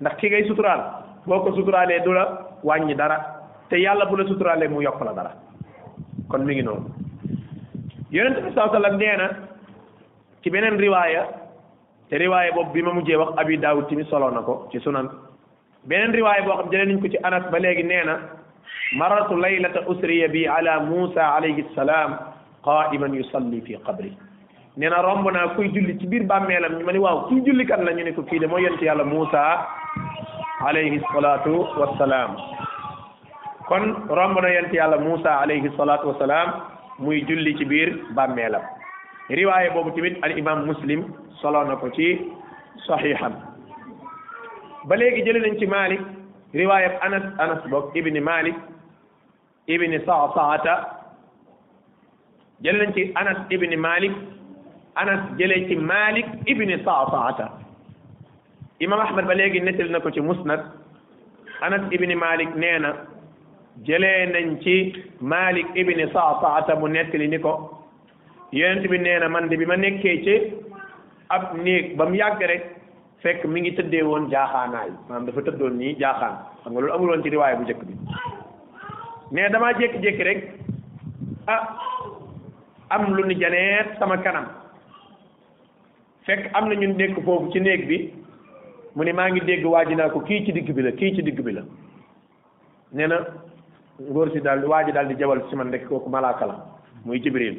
ndax ki ngay suturaal boo ko suturaalee du la wàññi dara te yàlla bu la suturaalee mu yokk la dara kon mi ngi noonu. yonent bi saa sallam nee na ci beneen riwaaya te riwaaya boobu bi ma mujjee wax abi daawud timi solo na ko ci sunan beneen riwaaya boo xam jëlee nañ ko ci anas ba léegi nee na maratu laylata usriya bi ala musa alayhi salaam qaiman yusalli fi qabri nee na romb naa kuy julli ci biir bàmmeelam ñu ma ni waaw kuy julli kan la ñu ne ko kii de mooy yonent yàlla musa alayhi salaatu wassalaam kon romb na yonent yàlla musa alayhi salaatu wassalaam muy julli ci biir bàmmeelam riwaaye boobu tamit al imam muslim solo na ko ci saxiixam ba léegi jëlee nañ ci malik riwaayab anas anas boog ibni malik ibni saasaata jëlee nañ ci anas ibni malik anas jëlee ci malik ibni saasaata imam ahmad ba léegi nettali na ko ci musnad anas ibni malik nee na jële nañ ci Malik ibni Sa'sa'a mu li ni ko yonent bi nee na man de bi ma nekkee ci ab néeg ba mu yàgg rek fekk mu ngi tëddee woon jaaxaanaay maanaam dafa tëddoon nii jaaxaan xam nga loolu amuloon woon ci riwaay bu njëkk bi mais damaa jékki-jékki rek ah am lu ni janeet sama kanam fekk am na ñu nekk foofu ci néeg bi mu ne maa ngi dégg waaj naa ko kii ci digg bi la kii ci digg bi la nee na ngóor si daal waa ji daal di jabal si man rek kooku malaaka la muy jibril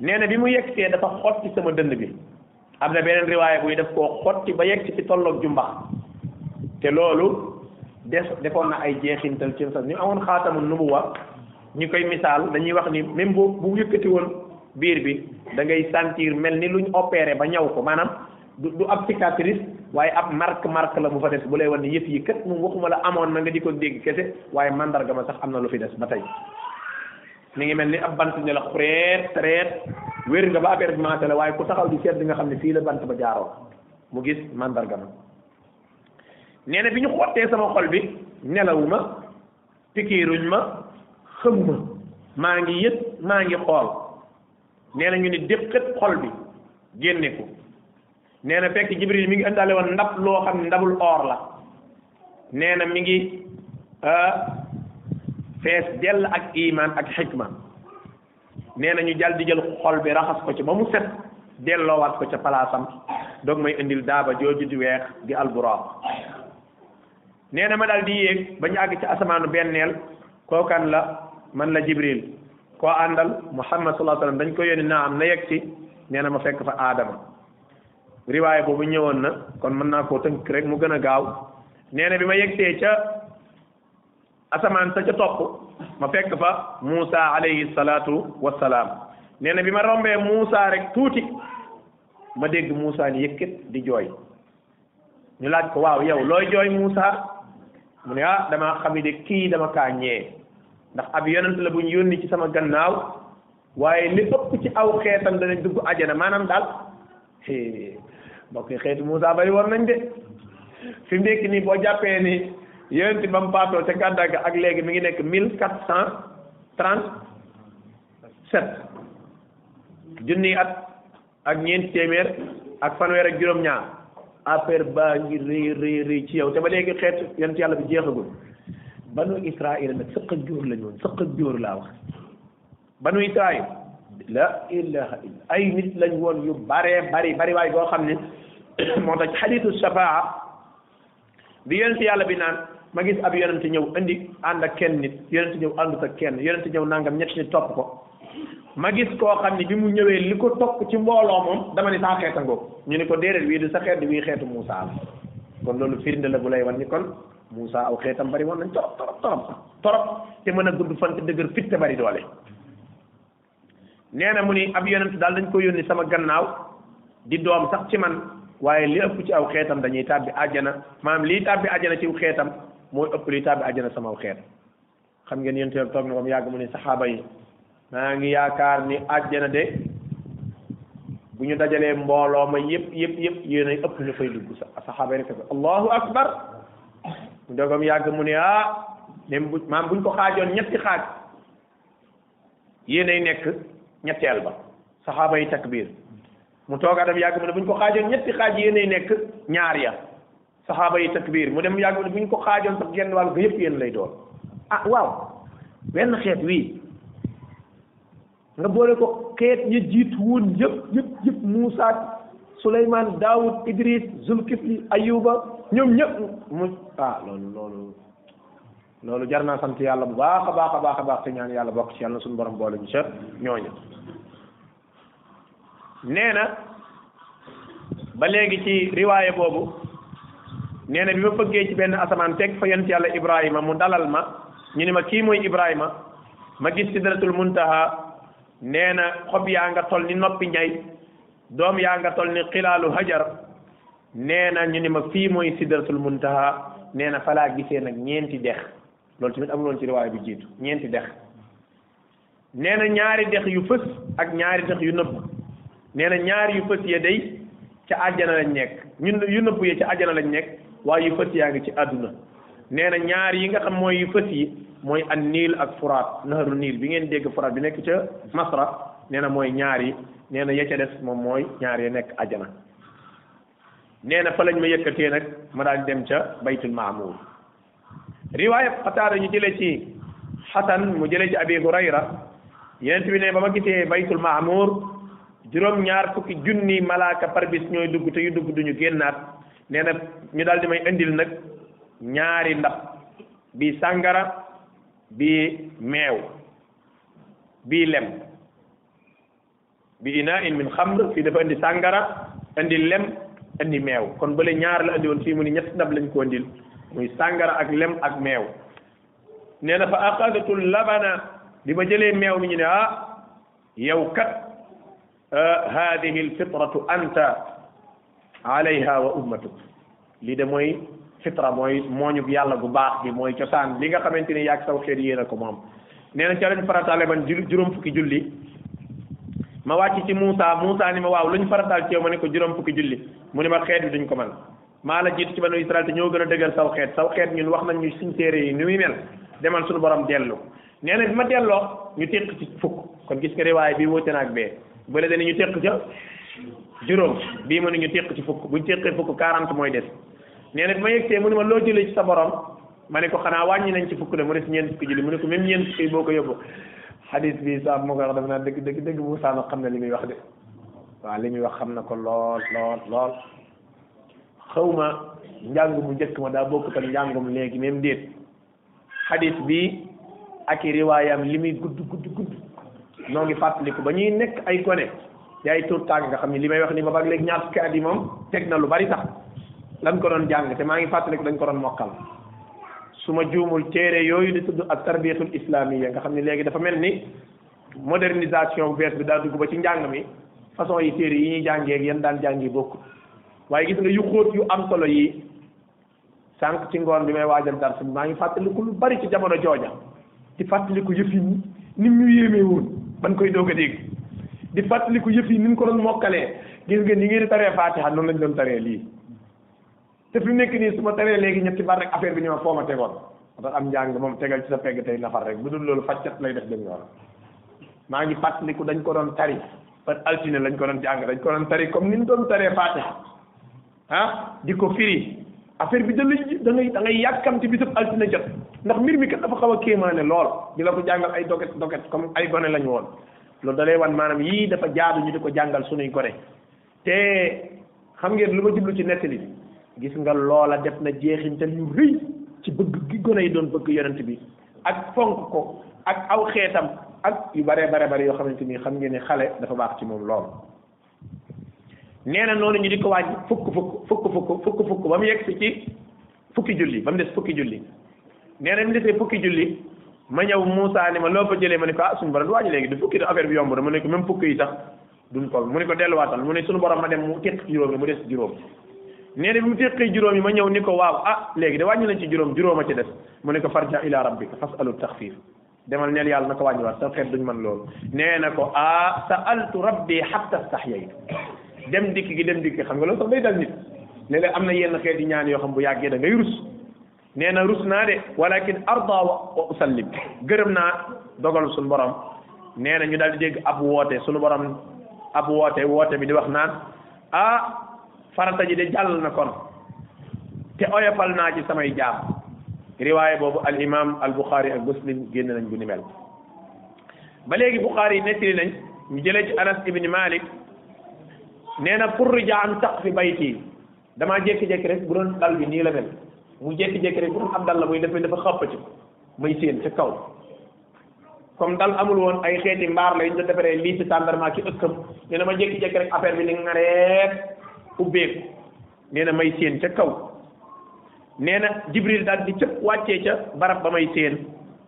nee na bi mu yeggsee dafa xotti sama dënn bi am na beneen riwaaya buy def koo xotti ba yegg ci tolloog jumbax te loolu des defoon na ay jeexintal ci sax ñu amoon xaatamu wax ñu koy misaal dañuy wax ni même bu bu yëkkati woon biir bi dangay ngay mel ni luñ opeere ba ñaw ko maanaam du du ab waaye ab marque marque la bu fa des bu lay wan ne yëpp yi kat moom waxuma la amoon na nga di ko dégg kese waaye mandarga ma sax am na lu fi des ba tey mi ngi mel ni ab bant ne la xureet treet wér nga ba affaire bi commencé la waaye ku taxaw di seet di nga xam ne fii la bant ba jaaroo mu gis màndarga ma nee na bi ñu xottee sama xol bi nelawuma pikiiruñ ma ma maa ngi yët maa ngi xool nee na ñu ni dépp xol bi génne ko nee na fekk jibril mi ngi indaale woon ndab loo xam ndabul or la nee na mi ngi euh, fees dell ak imaan ak xikma nee na ñu jal di jël xol bi raxas ko ci ba mu set delloowaat ko ca palaasam doog may indil daaba jooju di weex di alburaaq nee na ma daal di yéeg ba ñu àgg ci asamaanu benneel kookan la man la jibril koo àndal muhammad sallallahu alayhi wasallam dañ ko yónni naa am na yegg si nee na ma fekk fa aadama riwaay boobu ñëwoon na kon mën naa koo tënk rek mu gën a gaaw nee bi ma yegtee ca asamaan sa ca topp ma fekk fa Muusa alayhi salaatu wassalaam neene bi ma rombee Muusa rek tuuti ma dégg Muusa ni di jooy ñu laaj ko waaw yow looy jooy Muusa mu ne ah damaa xam de kii dama kaa ñee ndax ab yonent la bu ñu yónni ci sama gannaaw waaye li ëpp ci aw xeetam danañ dugg ajana maanaam daal mbokk yi xeetu Moussa bari war nañ de fi mu nekk nii boo jàppee ni yonent ba mu faatoo ca ak léegi mi ngi nekk mille quatre cent trente sept junni at ak ñeenti téeméer ak fanweer ak juróom-ñaar affaire baa ngi rëy rëy ci yow te ba léegi xeetu yonent yàlla bi jeexagul banu Israël nag sëq ak jóor woon sëq ak jóor laa wax banu Israël la ilaha illa ay nit lañ woon yu baree bari bari waay goo xam ni moo tax xadiisu shafaa bi yonent yàlla bi naan ma gis ab yonent ñëw indi ànd ak kenn nit yonent ñëw àndut ak kenn yonent ñëw nangam ñetti nit topp ko ma gis koo xam ne bi mu ñëwee li ko topp ci mbooloo moom dama ni saa xeeta ngoog ñu ne ko déedéet wii di sa xeet wii xeetu Muusaa la kon loolu firnde la bu lay wan ni kon Muusaa aw xeetam bari woon nañ torop torop torop te mën a gudd fan te dëgër fit te bari doole nee na mu ni ab yonent daal dañ ko yónni sama gannaaw di doom sax ci man waaye li ëpp ci aw xeetam dañuy tàbbi àjjana maam lii tàbbi àjjana ci xeetam mooy ëpp li tàbbi àjjana sama aw xeet xam ngeen yéen toog na mu yàgg mu ne saxaaba yi ngi yaakaar ni àjjana de bu ñu dajalee mbooloo ma yëpp yëpp yëpp yéen ëpp ñu fay dugg yàgg mu ne ah même buñ ko xaajoon ñetti xaaj yéen ay nekk ñetteel ba saxaaba yi takbiir mu toogaa dem yàgg mu ne bu ñu ko xaajoon ñetti xaaj yéenay nekk ñaar ya saxaaba yi takbiir mu dem yàgg mu ne bu ñu ko xaajoon sax genn wàll ga yëpp yéen lay doon ah waaw wenn xeet wii nga boole ko xeet yi jiit woon yëpp yëpp yëpp Muusa Suleymaan Daawud Idris Zulkifli Ayuba ñoom ñëpp mu ah loolu loolu loolu jar naa sant yàlla bu baax a baax a baax a baax te ñaan yàlla bokk ci yàlla suñu borom boole ñu ca ñooñu nee na ba léegi ci riwaaye boobu nee na bi ma bëggee ci benn asamaan teg fa yent yàlla Ibrahima mu dalal ma ñu ni ma kii mooy Ibrahima ma gis sidratul muntaha nee na xob yaa nga tol ni noppi ñay doom yaa nga tol ni xilaalu hajar nee na ñu ni ma fii mooy sidratul muntaha nee na falaa gisee nag ñeenti dex loolu tamit amuloon ci riwaay bu jiitu ñeenti dex nee na ñaari dex yu fës ak ñaari dex yu nëbb nee na ñaar yu fës ya day ca àjjana lañ nekk ñun yu nëbb ya ca àjjana lañ nekk waaye yu fës yaa ngi ci àdduna nee na ñaar yi nga xam mooy yu fës yi mooy an niil ak furaat naharu niil bi ngeen dégg furaat bi nekk ca masra nee na mooy ñaar yi nee na ya ca des moom mooy ñaar ya nekk àjjana nee na fa lañ ma yëkkatee nag ma daal dem ca baytul maamuur riwaaya Qataada ñu jëlee ci xasan mu jëlee ci abi hurayra yeneen bi ne ba ma gisee baytul maamuur juróom-ñaar fukki junni malaaka par bis ñooy dugg te yu dugg duñu génnaat nee ñu daal di may indil nag ñaari ndab bii sàngara bii meew bii lem bi ina in min xamr fii dafa indi sàngara indi lem indi meew kon bale ñaar la indi woon fii mu ni ñetti ndab lañ ko indil muy sàngara ak lem ak meew nee fa axadatu labana di ma jëlee meew mi ñu ne ah yow kat hadihi alfitratu anta alayha wa ummatuk lii de mooy fitra mooy mooñub yàlla bu baax bi mooy cosaan li nga xamante ni yaag saw xeet yéen a ko moom nee na ca lañ farataale man juróom fukki julli ma wàcc ci Moussa Moussa ni ma waaw lu ñu farataal ci ne ko juróom fukki julli mu ne ma xeet bi duñ ko man maa la jiitu ci banu Israël te ñoo gën a dëgër saw xeet saw xeet ñun wax nañ ñu suñ téere yi ni muy mel demal suñu borom dellu nee bi ma delloo ñu téq ci fukk kon gis nga riwaay bi wóote bee bële ñu teq ja juróom bii mu ne ñu teq ci fukk buñ teqee fukk quarante mooy des nee na bi ma yegsee mu ne ma loo jëlee ci sa borom ma ne ko xanaa wàññi nañ ci fukk de mu des ñeent fukki julli mu ne ko même ñeent fukki boo ko yóbbu xadis bi saa moo koy wax naa dëgg dëgg dëgg bu saana xam na li muy wax de waaw li muy wax xam na ko lool lool lool xawma njàng mu njëkk ma daa bokkut ak njàngum léegi même déet xadis bi ak i riwaayam li muy gudd gudd gudd noo ngi fàttaliku ba ñuy nekk ay gone yaay tur tàng nga xam ni li may wax ni boobaag léegi ñaar fukki at yi moom teg na lu bari sax lan ko doon jàng te maa ngi fàttaliku dañ ko doon mokkal su ma juumul yooyu di tudd ak tarbiyatul islamiyya nga xam ne léegi dafa mel ni modernisation bu bees bi daa dugg ba ci njàng mi façon yi téere yi ñuy jàngee ak daan jàngi bokk waaye gis nga yu am solo yi sànq ci ngoon bi may waajal maa ngi fàttaliku lu bari ci jamono jooja di fàttaliku yëf yi ni mu woon ban koy doog a dégg di fàttaliku yëf yi ni mu ko doon mokkalee gis nga yi ngeen di taree Fatiha noonu lañ doon taree lii te fi nekk nii su ma taree léegi ñetti baat rek affaire bi ñu ma foo ma tegoon tax am njàng moom tegal ci sa pegg tey nafar rek bu dul loolu fàccat lay def dem yoon maa ngi fàttaliku dañ ko doon tari par altine lañ ko doon jàng dañ ko doon tari comme ni nu doonu taree Fatiha ah di ko firi affaire bi da lay da ngay da ngay yàkkamti bisub altine jot ndax mbir mi kat dafa xaw a kéemaane lool di la ko jàngal ay doget doget comme ay gone lañu woon loolu da wan maanaam yii dafa jaadu ñu di ko jàngal sunuy gone te xam ngeen lu ma jublu ci nettali bi gis nga loola def na jeexintal yu rëy ci bëgg gi gone yi doon bëgg yonent bi ak fonk ko ak aw xeetam ak yu bare bare bare yoo xamante ni xam ngeen ne xale dafa baax ci moom lool nee na noonu ñu di ko wàññi fukk fukk fukk fukk fukk ba mu yegg ci fukki julli ba mu des fukki julli nee na mu fukki julli ma ñëw Moussa ni ma loo ko jëlee ma ne ko ah suñu borom waaji léegi du fukki de affaire bi yomb na mu ne ko même fukki yi sax duñ ko mu ne ko delluwaatal mu ne suñu borom ma dem mu teq juróom yi mu des juróom nee bi mu teqee juróom yi ma ñëw ni ko waaw ah léegi de wàññi nañ ci juróom juróom a ci des mu ne ko farja ila rabbika fasalu taxfif demal neel yàlla na ko wàññiwaat sa xeet duñ man loolu nee na ko ah sa'altu rabbi hatta stahyaytu dem dikk gi dem dikk xam nga loolu sax day dal nit léeg-léeg am na yenn xeet yi ñaan yoo xam bu yàggee da ngay rus nee na rus naa de walakin arda wa usallim gërëm naa dogal suñu borom nee na ñu daal di dégg ab woote suñu borom ab woote woote bi di wax naan ah farata ji de jàll na kon te oyofal naa ci samay jaam riwaaya boobu al imam al buxaari ak muslim génn nañ bu ni mel ba léegi buxaari nettali nañ ñu jëlee ci anas ibni malik nee na pour rijaan taq fi bayti damaa jékki-jékki rek bu doon dal bi nii la mel mu jekki jékki rek bu am ab dal la muy def dafa xappati may séen ca kaw comme dal amul woon ay xeeti mbaar la yu ñu defaree lii ci tàndarma ki ëkkam nee na jékki-jékki rek bi ni nga reet ubbeeku may séen ca kaw nee na jibril daal di cëpp wàccee ca barab ba may séen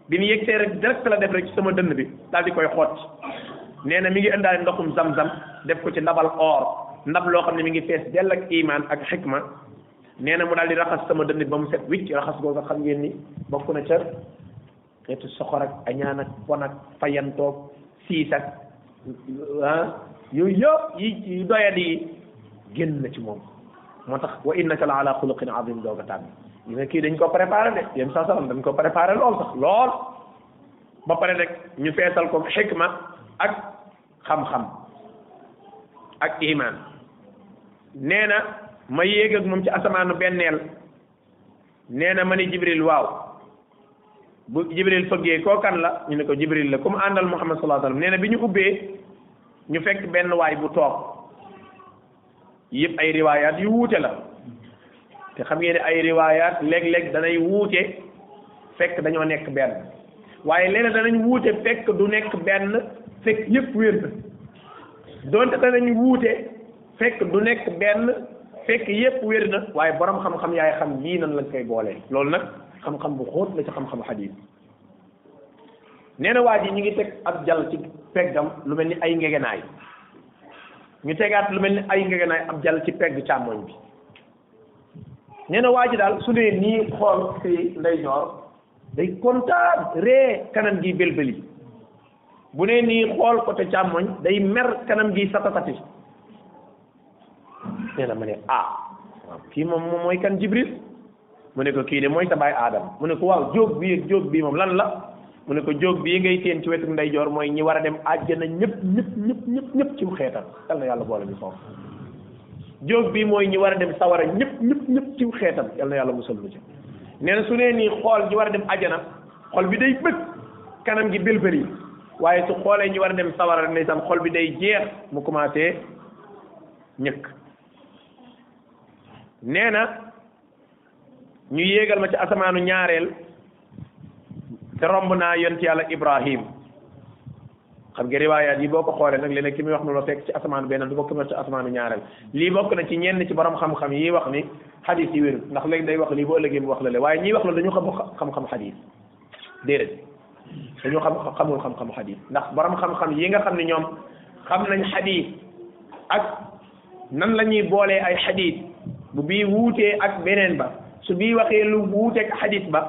bi ñu yegsee rek direct la def rek ci sama dënn bi daal di koy xotti nee na mi ngi indaale ndoxum zam-zam def ko ci ndabal or ndab loo xam ne mu ngi fees dell ak iman ak xikma nee na mu daal di raxas sama dënn ba mu set wicc raxas googu xam ngeen ni bokk na ca xeetu soxor ak añaan ak bon ak fayantoog siis ak ah yooyu yëpp yi doyadi yi génn na ci moom moo tax wa innaka la ala xuluqin azim dooga tànn yi nga kii dañ ko préparé de yéen sa salam dañ ko préparé lool sax lool ba pare rek ñu feesal ko xikma ak xam-xam ak iman nee ma yéeg ak moom ci asamaanu benneel nee na ma ni jibril waaw bu jibril fëggee koo la ñu ne ko jibril la ku mu àndal muhammad sallallahu alayhi wasallam nee bi ñu ubbee ñu fekk benn waay bu toog yëpp ay riwaayaat yu wuute la te xam ngeen ne ay riwaayaat léeg-léeg danay wuute fekk dañoo nekk benn waaye léeg-léeg danañ wuute du nekk benn fekk yëpp wér na donte danañ wuute fekk du nekk benn fekk yépp wér na waaye boroom xam-xam yaay xam yii nan lañ koy boolee loolu nag xam-xam bu xóot la ci xam-xam xadiis nee na waa ji ñu ngi teg ab jàll ci peggam lu mel ni ay ngegenaay ñu tegaat lu mel ni ay ngegenaay ab jàll ci pegg càmmoñ bi nee waa ji daal su dee nii xool si ndeyjoor day kontaan ree kanam gi belbeli bu nee nii xool côté càmmoñ day mer kanam gi satasati nee na ma ne ah kii moom moom mooy kan Jibril mu ne ko kii de mooy sa baay Aadama mu ne ko waaw jóg bi ak jóg bii moom lan la mu ne ko jóg bii ngay teen ci wetu ndeyjoor mooy ñi war a dem àjjana ñëpp ñëpp ñëpp ñëpp ñëpp ci xeetam yal na yàlla boole ñu foofu jóg bi mooy ñi war a dem sawara ñëpp ñëpp ñëpp ci xeetam yal na yàlla musal lu ci nee na su nee nii xool ñi war a dem àjjana xol bi day bëgg kanam gi bélbëri waaye su xoolee ñi war a dem sawara ne sam xol bi day jeex mu commencé ñëkk nee na ñu yéegal ma ci asamaanu ñaareel te romb naa yonent yàlla Ibrahim xam nga riwaayaat yi boo ko xoolee nag léeg ki muy wax nu la fekk ci asamaanu benn du ko ki muy wax ci asamaanu ñaareel lii bokk na borom xam yi wax ni xadis ndax léegi day wax lii boo ëllëgee mu wax la le waaye ñiy wax la dañu xam xam-xam xadis déedéet dañu xam xamul xam-xam xadis ndax borom xam-xam yi nga xam ne ñoom xam nañ xadis ak nan la ñuy boolee ay xadis bu bii wuutee ak beneen ba su bii waxee lu wuuteeg xadis ba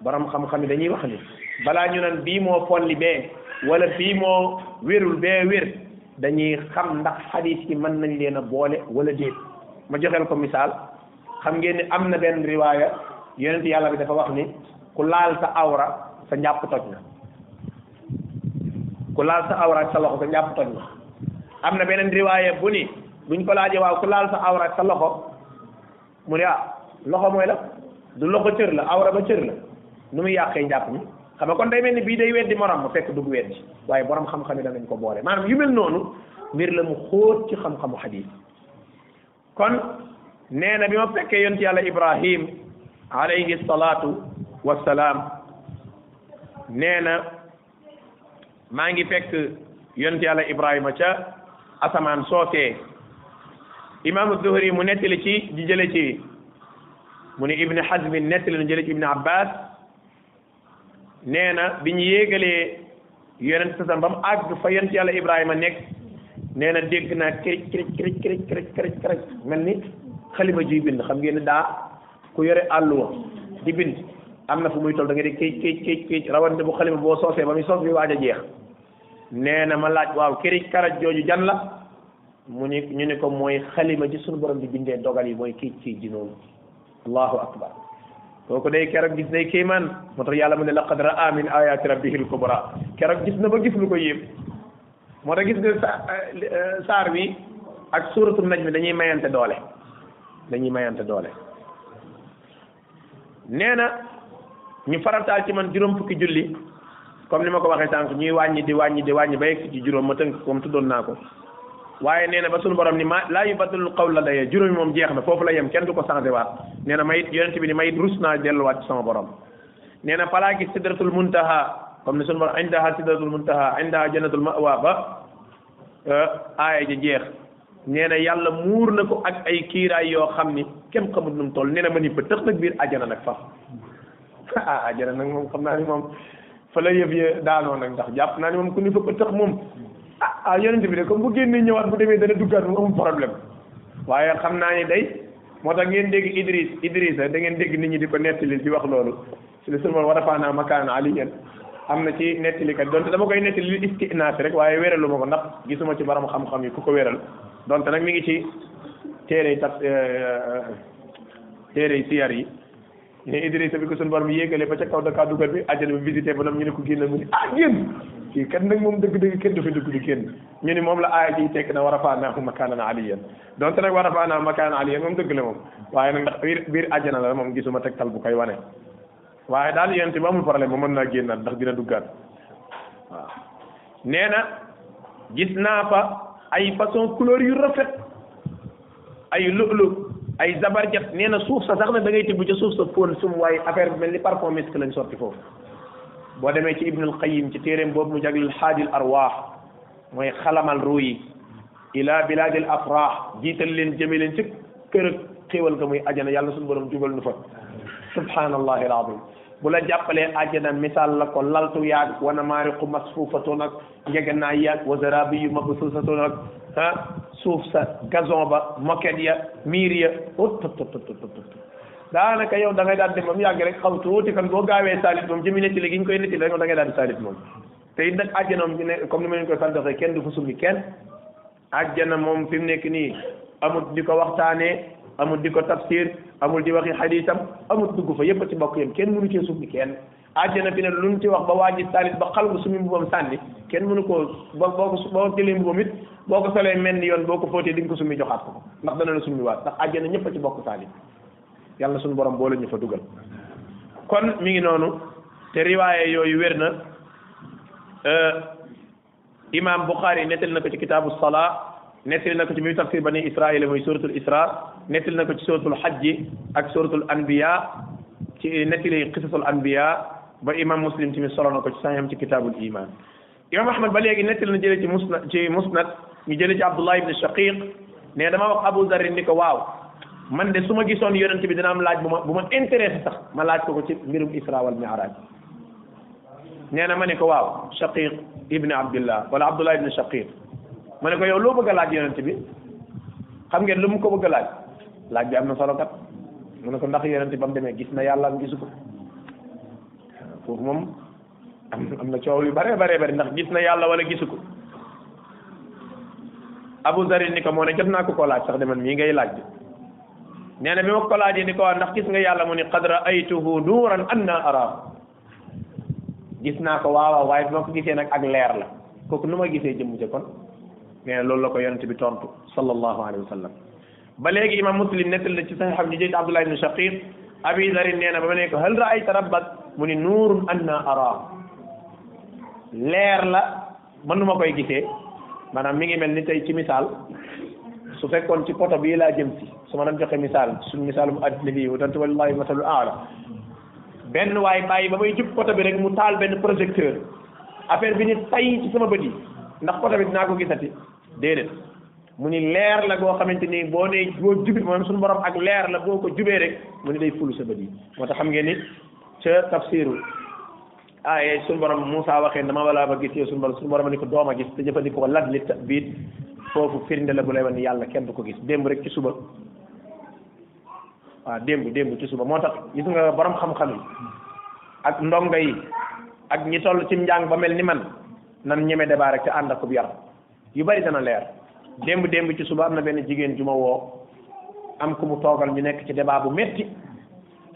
boroom xam-xam yi dañuy wax ni balaa ñu naan bii moo folli bee wala bii moo wérul bee wér dañuy xam ndax xadis yi mën nañ leen a boole wala déet ma joxeel ko misaal xam ngeen am na benn riwaaya yonent yàlla bi dafa wax ni ku laal sa awra sa njàpp laal sa awra ak sa na beneen riwaaya bu ni buñ ko laajee waaw ku laal sa awra ak sa loxo mu ne ah loxo mooy la du loxo cër la awra ba cër la nu muy yàqee njàpp mi xam nga kon day mel ni bii day weddi morom ma fekk dugg weddi waaye borom xam-xam yi danañ ko boole maanaam yu noonu mbir la mu xóot ci xam-xamu xadiis kon nee na bi ma fekkee yonent yàlla Ibrahim alayhi salaatu wassalaam nee na maa ngi fekk yonent yàlla Ibrahima ca asamaan soo soosee imaamu Zuhri mu nettali ci di jële ci mu ne Ibn Hazm nettali nu jële ci Ibn Abbas nee na bi ñu yéegalee yonent sasam ba mu àgg fa yonent yàlla Ibrahima nekk nee na dégg naa kirij kirij kirij kirij kirij kirij kirij mel ni xalima ji bind xam ngeen ne daa ku yore àlluwa di bind am na fu muy toll da nga dee kéej kéej kéej kéej rawante bu xalima boo soosee ba muy soos bi waaj a jeex nee na ma laaj waaw kirij karaj jooju jan la mu ni ñu ni ko mooy xalima ci suñu borom bi bindee dogal yi mooy kii ci ji noonu allahu akbar kooku day keroog gis day kéemaan moo tax yàlla mu ne laqad raa min ayati rabbihil kubra na ba gis lu ko yéem gis nga sa euh, ak suuratul najm mi dañuy mayante doole dañuy mayante doole nee na ñu farataal ci man juróom fukki julli comme ni ma ko waxee sànq ñuy wàññi di wàññi di wàññi ba yegg ci juróom ma tënk comme tuddoon naa ko waaye nee na ba sunu borom ni ma laa yubaddalul qawl la daya juróomi moom jeex na foofu la yem kenn du ko changé waat nee na mayit yonente bi ni mayit rus naa delluwaat waat sama borom nee na falaa gis sidratul muntaha comme ni suñu borom indaha sidratul muntaha indaha jannatul mawa ba euh, aaya ji jeex nee na yàlla muur na ko ak ay kiiraay yoo xam ni kenn xamut nu mu toll ma ni ba tëx nag biir ajana nag faf ah ajana nag moom xam naa ni moom fa la yëf ya daanoo nag ndax jàpp naa ni moom ku ni fa ba moom ah ah yonent bi de comme bu génnee ñëwaat bu demee dana duggaat mu amul problème waaye xam naa ni day moo tax ngeen dégg Idris Idrisa da ngeen dégg nit ñi di ko nettali di wax loolu su le sulmol war afaanaa makaana aliyan am na ci nettalikat donte dama koy nettali li istinaasi rek waaye wéralu ma ko ndax gisuma ci borom xam-xam yi ku ko wéral donte nag mi ngi ci téere yi tax eh, eh, téere yi siyar yi ne Idrisa bi ko suñu borom yéegale ba ca kaw da kaa dugal bi àjjana bi visité ñu ne ko mu ne ah génn kii kat moom dëgg-dëgg kenn dafa dëgg du kenn ñu ni moom la aaya ji tekk na war a faanaahu makaanan aliyan donte nag war a faanaahu makaanan aliyan moom dëgg la moom waaye nag ndax biir biir àjjana la moom gisuma tegtal bu koy wane waaye daal yéen te ba amul problème ba mën naa génnaat ndax dina duggaat waaw nee na gis naa fa ay façon couleur yu rafet ay lu'lu ay zabarjat nee na suuf sa sax na da ngay tibb ca suuf sa fóon sum waaye affaire bi mel ni parfum lañ sorti foofu bo deme ci al-qayyim ci téeréem bobu mu jagal al-hadi al-arwah moy khalamal yi ila bilad al-afrah jital len jëme len ci keur ak xewal ga muy aljana yàlla sun borom jugal nu fa subhanallah al-azim bu la jappale aljana misal la ko laltu yaag wana maariqu masfufatun ak njeganaa yaag wa zarabiyu mabsusatun ak ha suuf sa gazon ba moket ya mir ya ot ot ot ot ot daanaka yow da ngay daal dem ba mu yàgg rek xaw tuuti kan boo gaawee saalit moom jëmi nettali gi ñu koy nettali rek moom da ngay daal di saalit moom te it nag àjjana moom ne comme ni moom fi nekk nii amut di ko waxtaanee amut di ko tafsir amul di waxi xadiisam amut dugg fa yépp a ci bokk yem kenn mënu cee summi kenn àjjana fi ne lu ñu ci wax ba waaji saalit ba xal bu summi mbubbam sànni kenn mënu koo boo boo ko boo jëlee mbubbam it boo ko solee mel ni yoon boo ko fóotee di nga ko summi ko ndax dana la summi waat ndax àjjana ñëpp a ci bokk yalla suñu borom boole ñu fa duggal kon mi ngi nonu te riwaya yoy werna euh imam bukhari netel nako ci kitabus sala netel nako ci mi tafsir bani israil moy suratul isra netel nako ci suratul hajj ak suratul anbiya ci nettali qisasul anbiya ba imam muslim tamit solo nako ci sanyam ci kitabul iman imam ahmad ba legi netel na jële ci musnad ci musnad ñu jële ci abdullah ibn shaqiq ne dama wax abu dharr ni ko waw man de su ma gisoon yonent bi dina am laaj bu ma bu ma intéressé sax ma laaj ko ko ci mbirum isra wal mi'raj nee na ma ne ko waaw shaqiq ibni abdullah wala abdullah ibni shaqiq ma ne ko yow loo bëgg laaj yonent bi xam ngeen lu mu ko bëgg laaj laaj bi am na solo kat mu ne ko ndax yonent bi ba mu demee gis na yàlla am gisu ko foofu moom am na coow yu bare bare bare ndax gis na yàlla wala gisu ko Abu Zarri ni ko moo ne jot naa ko koo laaj sax de man mii ngay laaj bi nee na bi ma ko laajee ni ko waa gis nga yàlla mu ni qad ra'aytuhu nuuran anna araahu gis naa ko waawaaw waaye bi ma ko gisee nag ak leer la kooku nu ma gisee jëmm ca kon nee na loolu la ko yonent bi tontu sallallahu alayhi wa sallam ba léegi imam muslim nettal na ci saxiixam ñu jël abdullah ibn shaqiq abi darin nee na ba ma ne ko hal ra'ayta rabbak mu ni nuurun anna araahu leer nu ma koy gise maanaam mi ngi mel ni tey ci misaal su fekkoon ci poto bii laa jëm su ma doon joxee misaal suñ misaalum addina bii wa donte wallahi matalu aala benn waay bàyyi ba may jub poto bi rek mu taal benn projecteur affaire bi ni tay ci sama bët yi ndax poto bi dinaa ko gisati déedéet mu ni leer la goo xamante ni boo nee boo jubi moom suñu borom ak leer la boo ko jubee rek mu ni day fulu sa bët yi moo tax xam ngeen ni ca tafsiru aaye suñu borom Moussa waxee dama walaa ba gis yow suñu borom suñu borom ni ko doom a gis te jëfandikoo ko lat li biit la bu lay ni yàlla kenn du ko gis démb rek ci suba waaw démb démb ci suba moo tax gis nga borom xam-xam yi ak ndongo yi ak ñi toll ci njàng ba mel ni man nan ñeme débat rek ci ànd ak yar yu bari dana leer démb démb ci suba am na benn jigéen ju ma woo am ku mu toogal ñu nekk ci debaa bu metti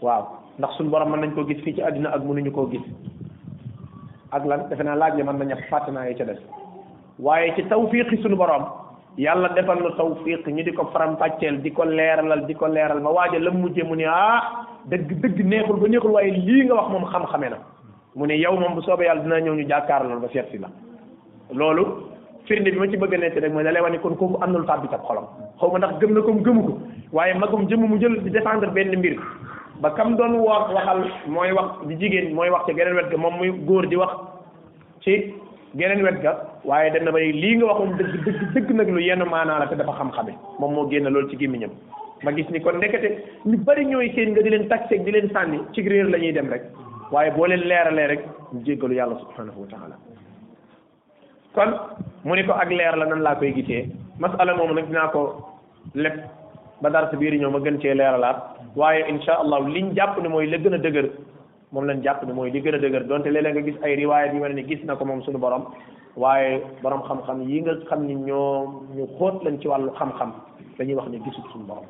waaw ndax suñu borom mën nañ koo gis fii ci àddina ak mënuñu koo gis ak lan defe naa laaj ne man na ña fàtte naa yi ca des waaye ci tawfiqi suñu boroom yàlla defal na tawfiq ñu di ko faram-fàcceel di ko leeralal di ko leeral ba waaja la mujje mu ne ah dëgg dëgg neexul ba neexul waaye lii nga wax moom xam-xame na mu ne yow moom bu soobee yàlla dinaa ñëw ñu jàkkaarloo ba seet si la loolu firnde bi ma ci bëgg a nekk rek mooy da lay wane kon kooku am na lu tàbbi ci ab xolam xaw ndax gëm na ko mu gëmu ko waaye magum jëmm mu jël di défendre benn mbir ba kam doon woor waxal mooy wax di jigéen mooy wax ci geneen wet ga moom muy góor di wax ci geneen wet ga waaye dem na ba lii nga waxoon dëgg dëgg dëgg nag lu yenn maanaa te dafa xam-xame moom moo génn loolu ci gémmiñam ma gis ni kon ndekete ñu bari ñooy seen nga di leen taxeeg di leen sànni ci réer la ñuy dem rek waaye boo leen leeralee rek ñu jéggalu yàlla subhanahu wa taala kon mu ni ko ak leer la nan laa koy gisee masala moom nag dinaa ko lépp ba dara sa biir ñëw ma gën cee leeralaat waaye insha allahu liñ jàpp ne mooy la gën a dëgër moom lañ jàpp ne mooy li gën a dëgër donte léeg nga gis ay riwaayat yu mel ne gis na ko moom suñu borom waaye borom xam-xam yi nga xam ni ñoo ñu xóot lañ ci wàllu xam-xam dañuy wax ne gisul suñu borom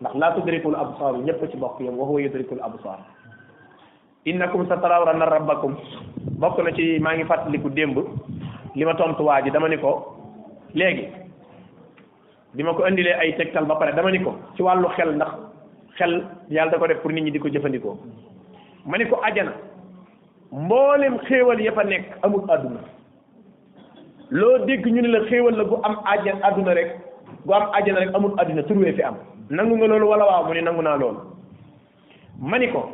ndax laa tudrikul absar ñëpp ci bokk yam wa huwa yudrikul absar innakum sa tarawna rabbakum bokk na ci maa ngi fàttaliku démb li ma tontu waa ji dama ni ko bi ma ko indilee ay tegtal ba pare dama ni ko ci wàllu xel ndax xel yàlla da ko def pour nit ñi di ko jëfandikoo ma ni ko ajana mboolem xéewal ya fa nekk amul àdduna loo dégg ñu ne la xéewal la gu am ajana àdduna rek gu am ajana rek amul àdduna turwee fi am nangu nga loolu wala waaw mu ne nangu naa loolu ma ni ko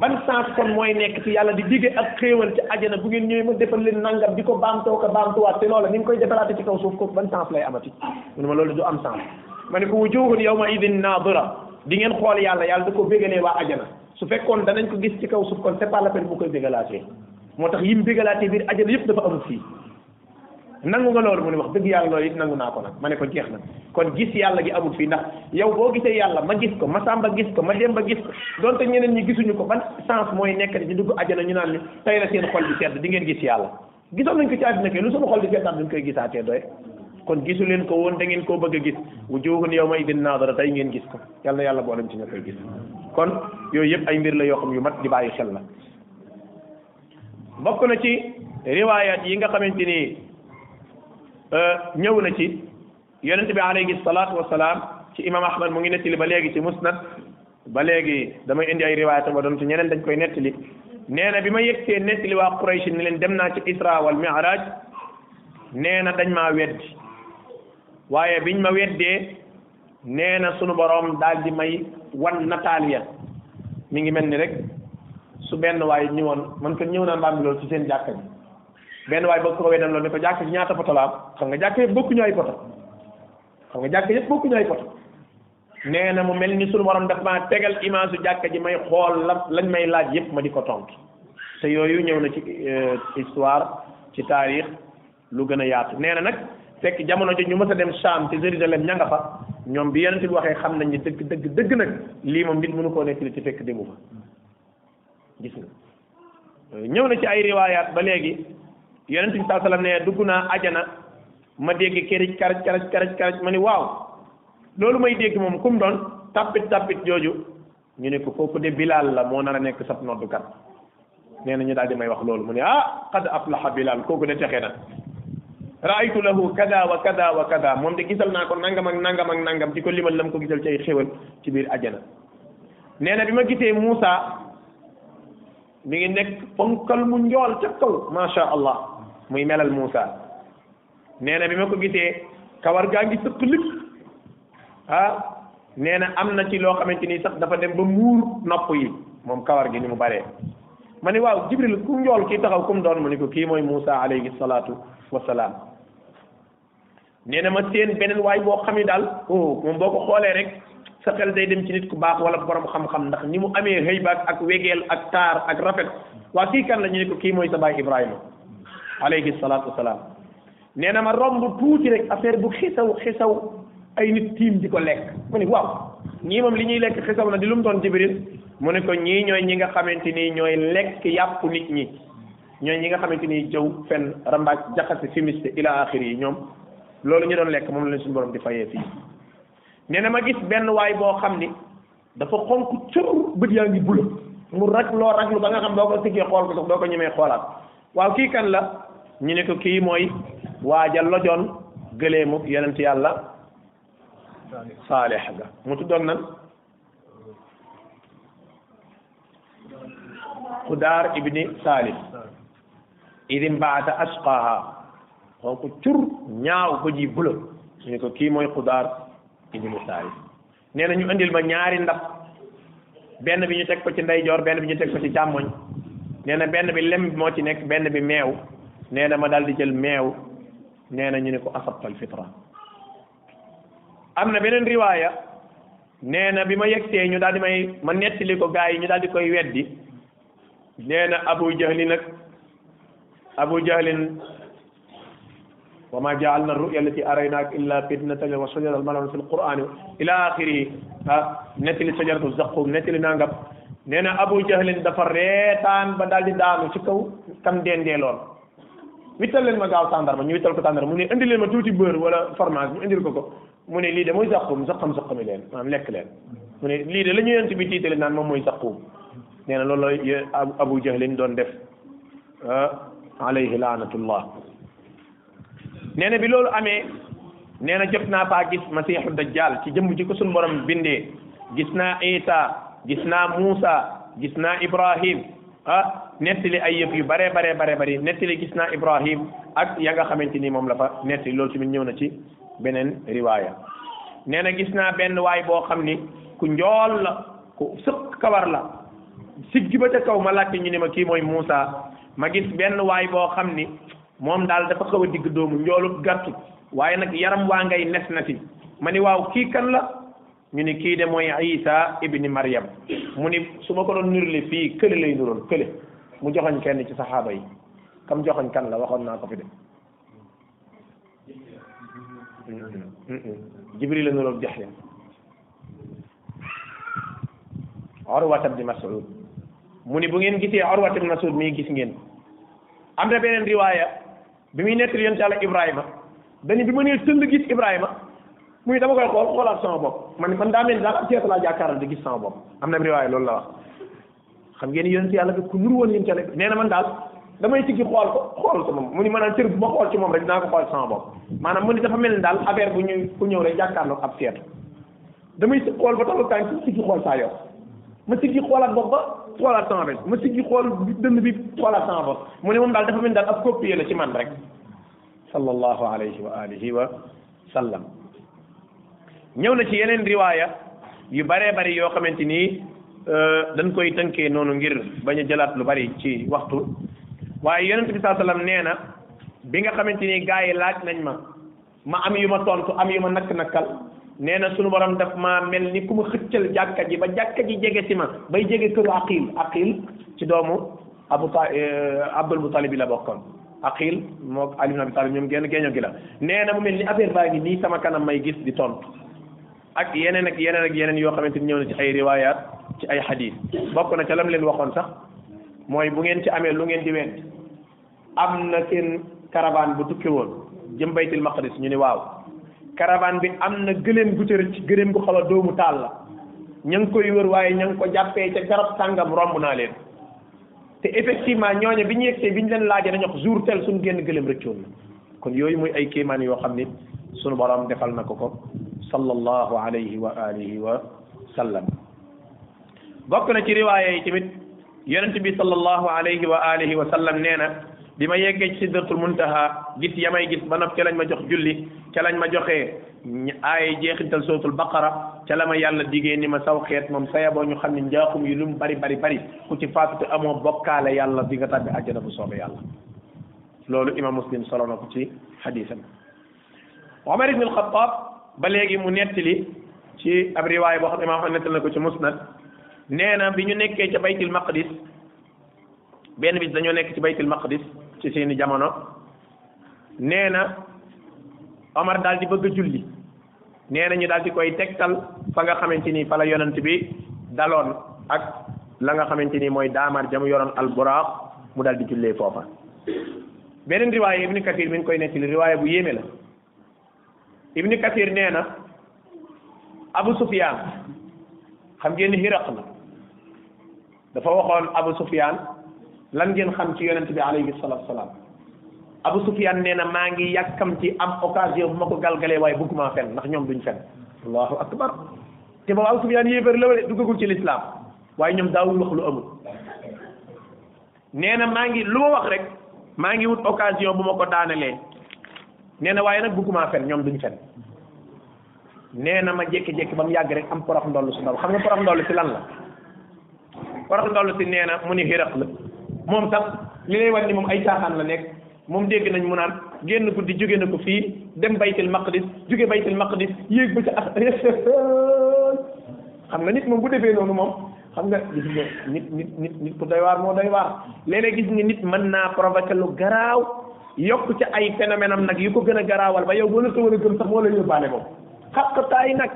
ban sens kon mooy nekk ci yàlla di digge ak xéewal ci àjjana bu ngeen ñëwee ma defal leen nangam di ko baamtoo ko baamtuwaat te loola ni koy defalaate ci kaw suuf ko ban sens lay amati mu ne ma loolu du am sens ma ne ko wujuhun yawma idin naadira di ngeen xool yàlla yàlla da ko bégalee waa àjjana su fekkoon danañ ko gis ci kaw suuf kon c'est pas la peine bu koy bégalaatee moo tax yim bégalaatee biir àjjana yëpp dafa amul fii nangu nga loolu mu ne wax dëgg yàlla loolu it nangu naa ko nag ma ne ko jeex na kon gis yàlla gi amul fii ndax yow boo gisee yàlla ma gis ko ma sàmba gis ko ma demba gis ko donte ñeneen ñi ko ban sens mooy nekk di dugg àjjana ñu naan ni tey la seen xol bi sedd di ngeen gis yàlla gisoon nañ ko ci àddina kay lu sama xol di seddaat duñ koy gisaatee doy kon gisu ko woon da ngeen koo bëgg a gis wujuhun yawma idin naadara tey ngeen gis ko yàlla na yàlla boolem ci ña koy gis kon yooyu yëpp ay la yoo xam yu mat di bàyyi xel la bokk na ci riwaayaat yi nga xamante ni Euh, ñëw na ci yonent bi alayhi salaatu wa salaam ci imam ahmad mu ngi nettali ba léegi ci musnad ba léegi damay indi ay riwaayatam ba doon te ñeneen dañ koy nettali nee bi ma yëgtee nettali waa Quraysh ni leen dem naa ci isra wal mi'raj nee na dañ maa weddi waaye biñ ma weddee nee na sunu boroom daal di may wan natalia mi ngi mel ni rek su benn waaye ñëwoon man ko ñëw naa mbaam loolu ci seen jàkka bi benn waaye bëgg ko wedal loolu ne ko jàkk ji ñaata poto la am xam nga jàkk yëpp bokkuñu ay poto xam nga jàkk yëpp bokkuñu ay poto nee na mu mel ni sunu borom daf ma tegal image su jàkk ji may xool la lañ may laaj yëpp ma di ko tontu te yooyu ñëw na ci euh, histoire ci taarix lu gën a yaatu nee na nag fekk jamono ji ñu mës a dem Sham ci Jérusalem ña nga fa ñoom bi yonent bi waxee xam nañ ni dëgg dëgg dëgg nag lii moom nit mënu koo nekk li ci fekk demu fa gis nga euh, ñëw na ci ay ba léegi yonent bi saa sallam ne dugg naa ajana ma dégg kerij karaj karaj karaj karaj ma ni waaw loolu may dégg moom kum doon tappit tappit jooju ñu ne ko kooku de bilaal la moo nar a nekk sab noddukat nee na ñu daal di may wax loolu mu ne ah qad aflaha bilaal kooku de texe na raaytu lahu kada wa kada wa kada moom de gisal naa ko nangam ak nangam ak nangam di ko limal lam ko gisal ci ay xéwal ci biir ajana nee na bi ma gisee Moussa mi ngi nekk ponkal mu njool ca kaw muy melal Moussa nee na bi ma ko gisee kawar gaa ngi sëpp lépp ah nee na am na ci loo xamante ni sax dafa dem ba muur nopp yi moom kawar gi ni mu baree ma ne waaw Jibril ku njool kii taxaw kum doon mu ni ko kii mooy Moussa alayhi salaatu wasalaam nee na ma seen beneen waay boo xam ne daal oh moom boo xoolee rek sa xel day dem ci nit ku baax wala borom xam-xam ndax ni mu amee hëybaak ak wegeel ak taar ak rafet waa kii kan la ñu ko kii mooy sa baay Ibrahima alayhi salaatu wasalaam nee na ma romb tuuti rek affaire bu xisaw xisaw ay nit tiim di ko lekk mu ne waaw ñii moom li ñuy lekk xisaw na di lu mu doon jibril mu ne ko ñii ñooy ñi nga xamante ni ñooy lekk yàpp nit ñi ñooy ñi nga xamante ni jëw fenn rambaaj jaxase fimiste ila axir yi ñoom loolu ñu doon lekk moom la lañ suñu borom di fayee fii nee na ma gis benn waay boo xam ni dafa xonk cër bët yaa ngi bula mu rag loo raglu ba nga xam boo ko siggee xool ko sax doo ko ñemee xoolaat ñu ne ko kii mooy waaja lojoon gëleemu yonent yàlla saalih ga mu tuddoon nan xudaar ibni saalim idi mbaata asqaha xon ko cur ñaaw ko ji bula ñu ne ko kii mooy xudaar ibni saalim nee na ñu indil ma ñaari ndab benn bi ñu teg ko ci ndeyjoor benn bi ñu teg ko ci càmmoñ nee na benn bi lem moo ci nekk benn bi meew nee na ma daal di jël meew nee ñu ne ko asabtal fitra am na beneen riwaaya nee na bi ma yegsee ñu daal may ma nettali ko gaa ñu daal koy weddi nee abu jahli nag abu jahlin wa ma jaalna ruya allati araynaak illa fitnatan wa sajara almalam fi alqur'ani ila akhiri ah nettali sajaratu zaqum nettali nangam nee na abu jahlin dafa reetaan ba daal di daanu ci wittal leen ma gaaw ma ñu wittal ko tàndarma mu ne indi leen ma tuuti beurre wala fromage mu indil ko ko mu ne lii de mooy saqum saqam saqami leen maanaam lekk leen mu ne lii de la ñu yent bi tiitale naan moom mooy saqum nee na loolu la abu jahlin doon def ah, alayhi laanatullah nee na bi loolu amee nee na jot naa faa gis masiixu dajjal ci jëmm ji ko suñu borom bindee gis naa isa gis naa muusa gis naa ibrahim ah nettali ay yëf yu baree baree baree bari nettali gis naa Ibrahim ak ya nga xamante ni moom la fa nettali loolu tamit ñëw na ci beneen riwaaya nee na gis naa benn waay boo xam ni ku njool la ku sëq kawar la siggi ba ca kaw ma laajte ñu ne ma kii mooy Moussa ma gis benn waay boo xam ni moom daal dafa xaw a digg doomu njoolut gàttu waaye nag yaram waa ngay nes na si ma ni waaw kii kan la ñu ni kii de mooy isa ibni maryam mu ni su ma ko doon nurle fii kële lay nuroon kële mu joxoñ kenn ci saxaaba yi kam joxoñ kan la waxoon naa ko fi de jibril la nuroon jaxya orwat ibni mas'ud mu ni bu ngeen gisee orwat ibni mas'ud mii gis ngeen am na beneen riwaaya bi muy nettali yonent Yàlla ibrahima dañu bi ma nee tënd gis ibrahima muy dama koy xool xoolaat sama bopp man man daa mel ni daal ab ceeb laa jàkkaaral di gis sama bopp am na riwaay loolu la wax xam ngeen yonent yàlla bi ku nur woon yonent yàlla bi nee na man daal damay siggi xool ko xool sama mu ni maanaam cër bu ma xool ci moom rek dinaa ko xool sama bopp maanaam mu ni dafa mel ni daal affaire bu ñuy ku ñëw rek jàkkaarloog ab seetu damay si xool ba taxul tànk siggi xool saa yow ma siggi xoolaat bopp ba xoolaat sama bopp ma siggi xool dënn bi xoolaat sama bopp mu ne moom daal dafa mel ni daal ab copier la ci man rek sallallahu alayhi wa alihi wa sallam ñëw na ci yeneen riwaaya yu baree bari yoo xamante ni euh, dañ koy tënkee noonu ngir bañ jëlaat lu bari ci waxtu waaye yonent bi saa sallam nee na bi nga xamante ni gars yi laaj nañ ma ma am yu ma tontu am yu ma nakk nakkal nee na sunu borom daf maa mel ni ku ma xëccal jàkka ji ba jàkka ji jege si ma bay jege këru aqil aqil ci doomu abu ta euh, abdul mutalib bi la bokkoon aqil moo ali ibn abi talib ñoom génn géeño gi la nee na mu mel ni affaire baa sama kanam may gis di tontu ak yeneen ak yeneen ak yeneen yoo xamante ni ñëw na ci ay riwaayaat ci ay xadiis bokk na ca lam leen waxoon sax mooy bu ngeen ci amee lu ngeen di went am na seen caravane bu dukkee woon jëm baytil maqdis ñu ni waaw caravane bi am na gëléem gu ca rëcc gëléem gu xaw a doomu taal la ña ngi koy wër waaye ña ngi ko jàppee ca garab sàngam romb naa leen te effectivement ñooñe bi ñu yegsee bi ñu leen laajee dañu wax jour tel suñu génn gëléem rëccoon na kon yooyu muy ay kéemaan yoo xam ni sunu borom defal na ko ko صلى الله عليه وآله وسلم بقنا في رواية يتمت ينتبي صلى الله عليه وآله وسلم نينا بما يجي سدرة المنتهى جيت يمي جيت منف كلان ما جخ جلي كلان ما جخي آي جيخ انتل سورة البقرة كلام يالا ديجي نما سو خيات مم سيابو نيو خمين جاكم يلوم باري باري باري كتي أمو بقال يالا ديجا تابي أجنا بصوب لولو إمام مسلم صلى الله عليه وسلم حديثا عمر بن الخطاب ba léegi mu nettali ci ab riwaay boo xam imaam na ko ci musnad nee na bi ñu nekkee ca baytil maqdis benn bis dañoo nekk ci baytil maqdis ci seeni jamono nee na Omar daal di bëgg a julli nee na ñu daal di koy tegtal fa nga xamante ni fa la yonent bi daloon ak la nga xamante ni mooy daamar jamu yoroon alburaaq mu daal di jullee foofa beneen riwaay ibni kathir mi koy nettali riwaay bu yéeme la ibni kathir nee na abu sufyaan xam ngeen ni xiraq dafa waxoon abu sufyaan lan ngeen xam ci yonent bi alayhi salaatu salaam abu sufyaan nee na maa ngi yàkkam ci am occasion bu ma ko galgalee waaye bëgguma fen ndax ñoom duñ fen allahu akbar te boobu abu sufyaan yéefar la wala duggagul ci lislaam waaye ñoom daawul wax lu amul nee na maa ngi lu ma wax rek maa ngi wut occasion bu ma ko daanalee nee na waaye nag bëgguma fen ñoom duñ fen nee na ma jékki-jékki ba mu yàgg rek am porox ndollu si ndaw xam nga porox ndollu si lan la porox ndollu si nee na mu ni xiraq la moom sax li lay wan ni moom ay caaxaan la nekk moom dégg nañ mu naan génn guddi jóge na ko fii dem baytil maqdis jóge baytil maqdis yéeg ba ca ak xam nga nit moom bu defee noonu moom xam nga gis nga nit nit nit nit ku doy waar moo doy waar léeg-léeg gis nga nit mën naa provoquer lu garaaw yokk ca ay phénomène nag yi ko gën a garaawal ba yow boo la war a gëm sax moo la yóbbaale moom xaqtaay nag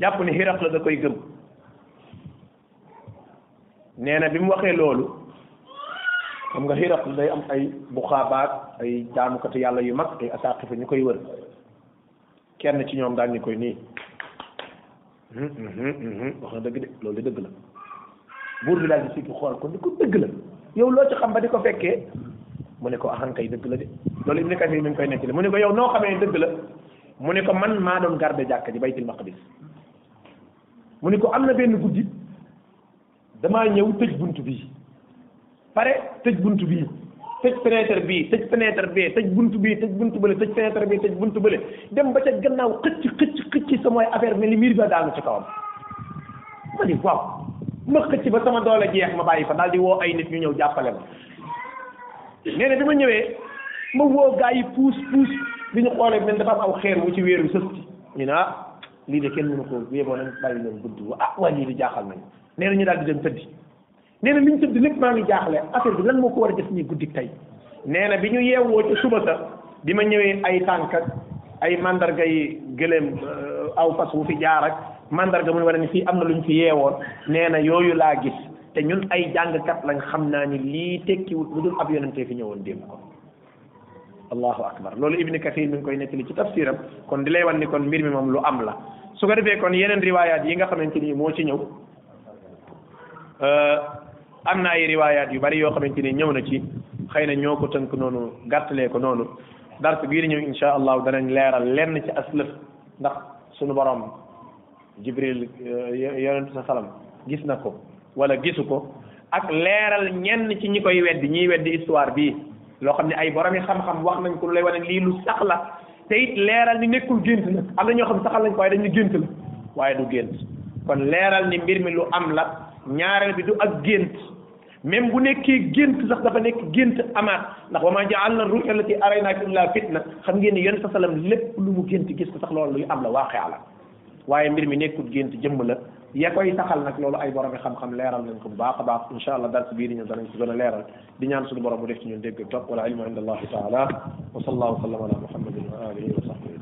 jàpp ni xiraq la da koy gëm nee na bi mu waxee loolu xam nga xiraq day am ay buxaabaat ay jaamukatu yàlla yu mag ay asaaqifa ñu koy wër kenn ci ñoom daal ñu koy nii wax na dëgg de loolu de dëgg la buur bi daal di sikki xool ko ni ko dëgg la yow loo ci xam ba di ko fekkee mu ne ko axan ah kay dëgg la de loolu Ibnu Kasir mi ngi koy nettali mu ne ko yow noo xamee mu ne ko man maa doon garde jàkka ji baytil maqdis mu ne ko am na benn guddi damaa ñëw bunt bii pare tëj bunt bii tëj fenêtre bii tëj fenêtre tëj bunt bii tëj bunt bële tëj fenêtre bii tëj bunt bële dem ba ca gannaaw xëcc xëcc xëcc affaire mel ni miir ba daanu ci kawam ma di waaw ma xëcc ba sama doole jeex ma bàyyi fa daal di woo ay nit ñu ñëw jàppale ma nee na bi ma ñëwee ma woo gaa yi puus puus bi ñu xoolee mel dafa am aw xeer wu ci weer wi sës ñu ne ah lii de kenn mënu ko bu yeboo a bàyyi leen gudd wa ah waa lii di jaaxal nañ nee ñu daal di dem tëddi nee na li ñu tëdd lépp maa ngi jaaxle affaire bi lan moo ko war a def ñuy guddik tey nee na bi ñu yeewoo ci suba sa bi ma ñëwee ay tànk ay mandarga yi gëléem euh, aw fas wu fi jaar ak mandarga mu ne war ne fii am na lu ñu fi yeewoon nee na yooyu laa gis te ñun ay jàngkat lañ xam naa ni lii tekkiwut lu dul ab yonentee fi ñëwoon démb ko allahu akbar loolu ibni kathir mi ngi koy nettali ci tafsiram kon di lay wan ni kon mbir mi moom lu am la su ko defee kon yeneen riwaayaat yi nga xamante ni moo ci ñëw euh, am na ay riwaayaat yu bari yoo xamante ni ñëw na ci xëy na ñoo ko tënk noonu gàttalee ko noonu dars bii di ñëw insha allahu danañ leeral lenn ci aslëf ndax sunu borom jibril yonentu sa salam gis na ko wala gisu ko ak leeral ñenn ci ñi koy weddi ñiy weddi histoire bi loo xam ne ay borom yi xam-xam wax nañ ko lu lay wane lii lu sax la tey it leeral ni nekkul gént la am na ñoo xam saxal nañ ko waaye dañu gént la waaye du gént kon leeral ni mbir mi lu am la ñaareel bi du ak gént même bu nekkee gént sax dafa nekk gént amaat ndax wa ma ja'alna ru'ya allati araynaaka illa fitna xam ngeen ni yonent lépp lu mu gént gis ko sax loolu luy am la waaqi la waaye mbir mi nekkul gént jëmm la ya koy taxal nag loolu ay borom xam-xam leeral nañ ko bu baax a baax insha allah dars bii di ñëw danañ ko gën a leeral di ñaan suñu borom mu def ci ñun dégg topp wala ilmu inda allahi taala wa sallallahu sallam ala muhammadin wa alihi wa sahbihi